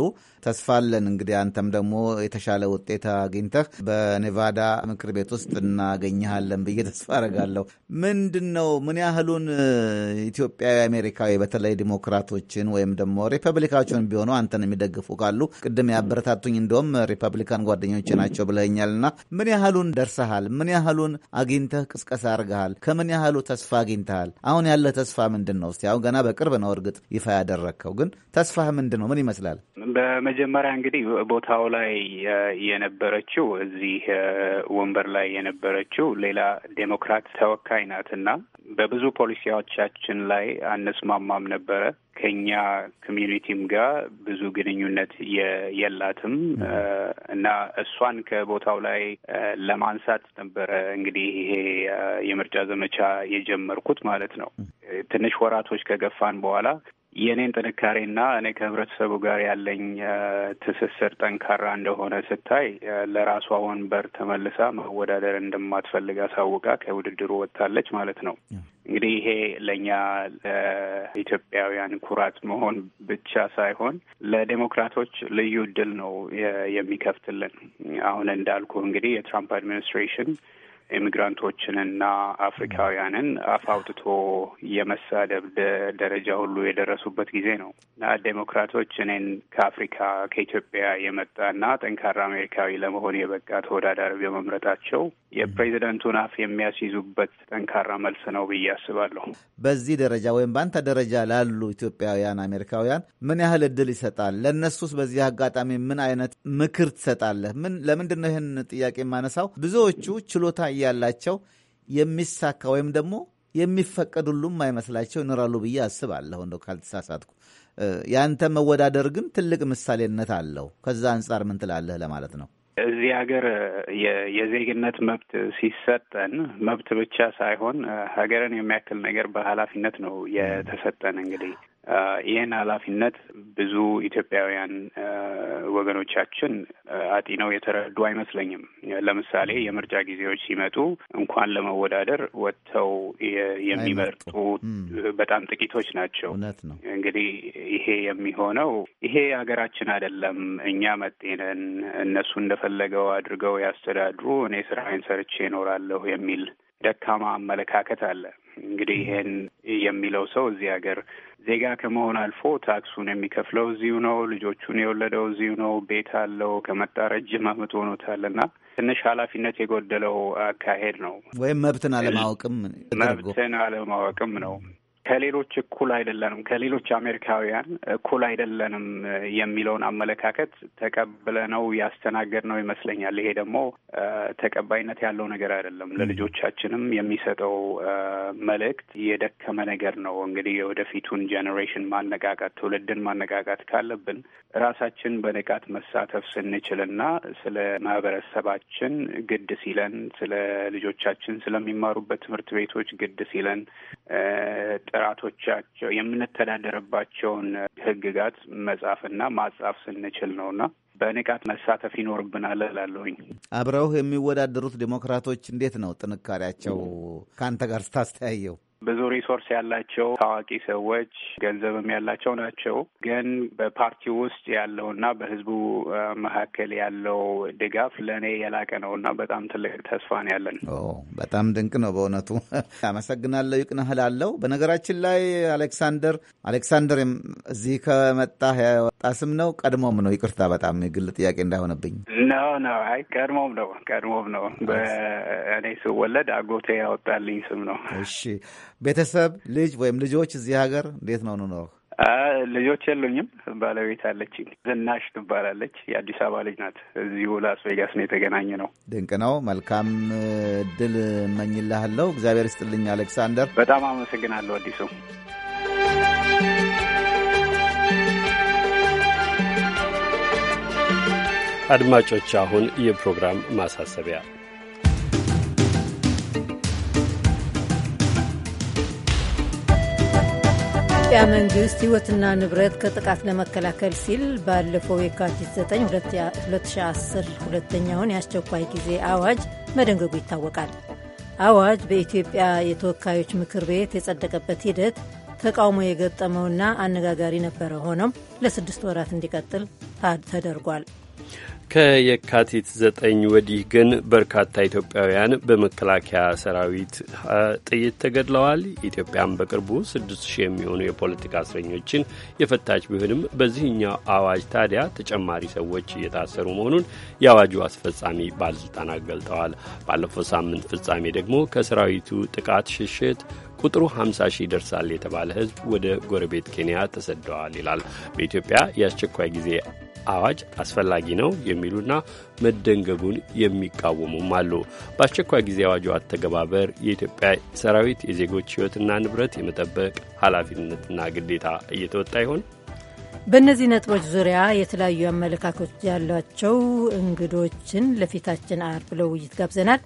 ተስፋ አለን እንግዲህ አንተም ደግሞ የተሻለ ውጤት አግኝተህ በኔቫዳ ምክር ቤት ውስጥ እናገኘሃለን ብዬ ተስፋ አረጋለሁ። ምንድን ነው ምን ያህሉን ኢትዮጵያዊ አሜሪካዊ በተለይ ዲሞክራቶችን ወይም ደግሞ ሪፐብሊካችን ቢሆኑ አንተን የሚደግፉ ካሉ ቅድም ያበረታቱኝ እንደውም ሪፐብሊካን ጓደኞች ናቸው ብለኛልና ምን ያህሉን ደርሰሃል? ምን ያህሉን አግኝተህ ቅስቀሳ አርገሃል? ከምን ያህሉ ተስፋ አግኝተሃል? አሁን ያለ ተስፋ ምንድን ነው? እስቲ ያው ገና በቅርብ ነው እርግጥ ይፋ ያደረግከው፣ ግን ተስፋህ ምንድን ነው? ምን ይመስላል? በመጀመሪያ እንግዲህ ቦታው ላይ የነበረችው እዚህ ወንበር ላይ የነበረችው ሌላ ዴሞክራት ተወካይ ናት እና በብዙ ፖሊሲዎቻችን ላይ አንስማማም ነበረ። ከኛ ኮሚዩኒቲም ጋር ብዙ ግንኙነት የላትም እና እሷን ከቦታው ላይ ለማንሳት ነበረ እንግዲህ ይሄ የምርጫ ዘመቻ የጀመርኩት ማለት ነው። ትንሽ ወራቶች ከገፋን በኋላ የእኔን ጥንካሬና እኔ ከህብረተሰቡ ጋር ያለኝ ትስስር ጠንካራ እንደሆነ ስታይ ለራሷ ወንበር ተመልሳ መወዳደር እንደማትፈልግ አሳውቃ ከውድድሩ ወጥታለች ማለት ነው። እንግዲህ ይሄ ለእኛ ለኢትዮጵያውያን ኩራት መሆን ብቻ ሳይሆን ለዴሞክራቶች ልዩ እድል ነው የሚከፍትልን። አሁን እንዳልኩ እንግዲህ የትራምፕ አድሚኒስትሬሽን ኢሚግራንቶችንና አፍሪካውያንን አፍ የመሳደብ ደረጃ ሁሉ የደረሱበት ጊዜ ነው እና ዴሞክራቶች እኔን ከአፍሪካ ከኢትዮጵያ የመጣና ጠንካራ አሜሪካዊ ለመሆን የበቃ ተወዳዳሪ በመምረጣቸው የፕሬዚደንቱን አፍ የሚያስይዙበት ጠንካራ መልስ ነው ብዬ አስባለሁ። በዚህ ደረጃ ወይም በአንተ ደረጃ ላሉ ኢትዮጵያውያን አሜሪካውያን ምን ያህል እድል ይሰጣል? ለእነሱስ በዚህ አጋጣሚ ምን አይነት ምክር ትሰጣለህ? ምን ለምንድን ነው ይህን ጥያቄ የማነሳው? ብዙዎቹ ችሎታ ያላቸው የሚሳካ ወይም ደግሞ የሚፈቀዱሉም አይመስላቸው ይኖራሉ ብዬ አስባለሁ እንደው ካልተሳሳትኩ። ያንተ መወዳደር ግን ትልቅ ምሳሌነት አለው። ከዛ አንጻር ምን ትላለህ ለማለት ነው። እዚህ ሀገር የዜግነት መብት ሲሰጠን መብት ብቻ ሳይሆን ሀገርን የሚያክል ነገር በኃላፊነት ነው የተሰጠን። እንግዲህ ይህን ኃላፊነት ብዙ ኢትዮጵያውያን ወገኖቻችን አጢነው የተረዱ አይመስለኝም። ለምሳሌ የምርጫ ጊዜዎች ሲመጡ እንኳን ለመወዳደር ወጥተው የሚመርጡ በጣም ጥቂቶች ናቸው። እውነት ነው። እንግዲህ ይሄ የሚሆነው ይሄ ሀገራችን አይደለም፣ እኛ መጤነን፣ እነሱ እንደፈለገው አድርገው ያስተዳድሩ፣ እኔ ስራዬን ሰርቼ እኖራለሁ የሚል ደካማ አመለካከት አለ። እንግዲህ ይሄን የሚለው ሰው እዚህ ሀገር ዜጋ ከመሆን አልፎ ታክሱን የሚከፍለው እዚሁ ነው። ልጆቹን የወለደው እዚሁ ነው። ቤት አለው። ከመጣ ረጅም አመት ሆኖታል እና ትንሽ ኃላፊነት የጎደለው አካሄድ ነው ወይም መብትን አለማወቅም መብትን አለማወቅም ነው። ከሌሎች እኩል አይደለንም፣ ከሌሎች አሜሪካውያን እኩል አይደለንም የሚለውን አመለካከት ተቀብለነው ያስተናገድነው ይመስለኛል። ይሄ ደግሞ ተቀባይነት ያለው ነገር አይደለም። ለልጆቻችንም የሚሰጠው መልእክት የደከመ ነገር ነው። እንግዲህ የወደፊቱን ጄኔሬሽን ማነቃቃት፣ ትውልድን ማነቃቃት ካለብን ራሳችን በንቃት መሳተፍ ስንችልና ስለ ማህበረሰባችን ግድ ሲለን፣ ስለ ልጆቻችን ስለሚማሩበት ትምህርት ቤቶች ግድ ሲለን ጥራቶቻቸው የምንተዳደርባቸውን ህግጋት መጻፍና ማጻፍ ስንችል ነውና በንቃት መሳተፍ ይኖርብናል እላለሁኝ። አብረው የሚወዳደሩት ዴሞክራቶች እንዴት ነው ጥንካሬያቸው ከአንተ ጋር ስታስተያየው? ብዙ ሪሶርስ ያላቸው ታዋቂ ሰዎች ገንዘብም ያላቸው ናቸው። ግን በፓርቲ ውስጥ እና በህዝቡ መካከል ያለው ድጋፍ ለእኔ የላቀ ነው እና በጣም ትልቅ ተስፋ ነው ያለን። በጣም ድንቅ ነው በእውነቱ (laughs) አመሰግናለሁ። ይቅንህ አለው። በነገራችን ላይ አሌክሳንደር አሌክሳንደር እዚህ ከመጣ ያወጣ ስም ነው ቀድሞም ነው? ይቅርታ በጣም የግል ጥያቄ እንዳይሆንብኝ። ነው ነው፣ አይ ቀድሞም ነው ቀድሞም ነው። በእኔ ስወለድ አጎቴ ያወጣልኝ ስም ነው። እሺ ቤተሰብ ልጅ ወይም ልጆች እዚህ ሀገር እንዴት ነው ኑሮ? ልጆች የሉኝም። ባለቤት አለች ዝናሽ ትባላለች። የአዲስ አበባ ልጅ ናት። እዚሁ ላስ ቬጋስ ነው የተገናኘ ነው። ድንቅ ነው። መልካም እድል እመኝልሃለሁ። እግዚአብሔር ይስጥልኝ አሌክሳንደር። በጣም አመሰግናለሁ አዲሱ። አድማጮች አሁን የፕሮግራም ማሳሰቢያ የኢትዮጵያ መንግስት ሕይወትና ንብረት ከጥቃት ለመከላከል ሲል ባለፈው የካቲት 9 2010 ሁለተኛውን የአስቸኳይ ጊዜ አዋጅ መደንገጉ ይታወቃል። አዋጅ በኢትዮጵያ የተወካዮች ምክር ቤት የጸደቀበት ሂደት ተቃውሞ የገጠመውና አነጋጋሪ ነበረ። ሆኖም ለስድስት ወራት እንዲቀጥል ተደርጓል። ከየካቲት ዘጠኝ ወዲህ ግን በርካታ ኢትዮጵያውያን በመከላከያ ሰራዊት ጥይት ተገድለዋል። ኢትዮጵያም በቅርቡ ስድስት ሺህ የሚሆኑ የፖለቲካ እስረኞችን የፈታች ቢሆንም በዚህኛው አዋጅ ታዲያ ተጨማሪ ሰዎች እየታሰሩ መሆኑን የአዋጁ አስፈጻሚ ባለስልጣናት ገልጠዋል። ባለፈው ሳምንት ፍጻሜ ደግሞ ከሰራዊቱ ጥቃት ሽሽት ቁጥሩ 50 ሺህ ይደርሳል የተባለ ሕዝብ ወደ ጎረቤት ኬንያ ተሰደዋል ይላል። በኢትዮጵያ የአስቸኳይ ጊዜ አዋጅ አስፈላጊ ነው የሚሉና መደንገጉን የሚቃወሙም አሉ። በአስቸኳይ ጊዜ አዋጁ አተገባበር የኢትዮጵያ ሰራዊት የዜጎች ሕይወትና ንብረት የመጠበቅ ኃላፊነትና ግዴታ እየተወጣ ይሆን? በእነዚህ ነጥቦች ዙሪያ የተለያዩ አመለካከቶች ያሏቸው እንግዶችን ለፊታችን አርብ ለውይይት ጋብዘናል።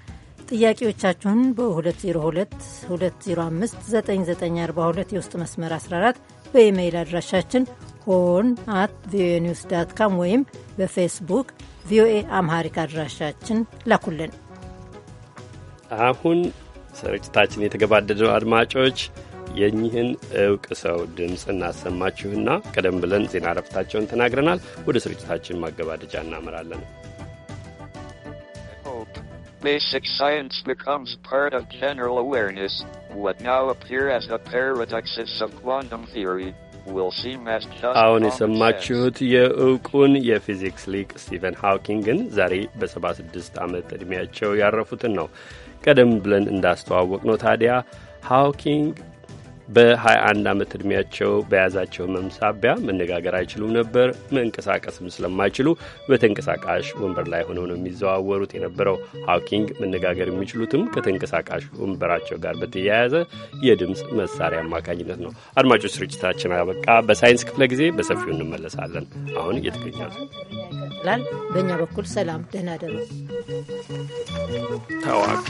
ጥያቄዎቻችሁን በ2022059942 የውስጥ መስመር 14 በኢሜይል አድራሻችን ሆርን አት ቪኦኤ ኒውስ ዳት ካም ወይም በፌስቡክ ቪኦኤ አምሃሪክ አድራሻችን ላኩልን። አሁን ስርጭታችን የተገባደደው አድማጮች የኚህን እውቅ ሰው ድምፅ እናሰማችሁና ቀደም ብለን ዜና እረፍታቸውን ተናግረናል። ወደ ስርጭታችን ማገባደጃ እናመራለን። Basic science becomes part of general awareness, what now appear as the paradoxes of quantum theory. አሁን የሰማችሁት የእውቁን የፊዚክስ ሊቅ ስቲቨን ሃውኪንግን ዛሬ በ76 ዓመት ዕድሜያቸው ያረፉትን ነው። ቀደም ብለን እንዳስተዋወቅ ነው ታዲያ ሃውኪንግ በ21 ዓመት ዕድሜያቸው በያዛቸው ህመም ሳቢያ መነጋገር አይችሉም ነበር። መንቀሳቀስም ስለማይችሉ በተንቀሳቃሽ ወንበር ላይ ሆነው ነው የሚዘዋወሩት የነበረው። ሀውኪንግ መነጋገር የሚችሉትም ከተንቀሳቃሽ ወንበራቸው ጋር በተያያዘ የድምፅ መሳሪያ አማካኝነት ነው። አድማጮች፣ ስርጭታችን አበቃ። በሳይንስ ክፍለ ጊዜ በሰፊው እንመለሳለን። አሁን እየተገኛ ይላል። በእኛ በኩል ሰላም፣ ደህና ደሩ ተዋቅ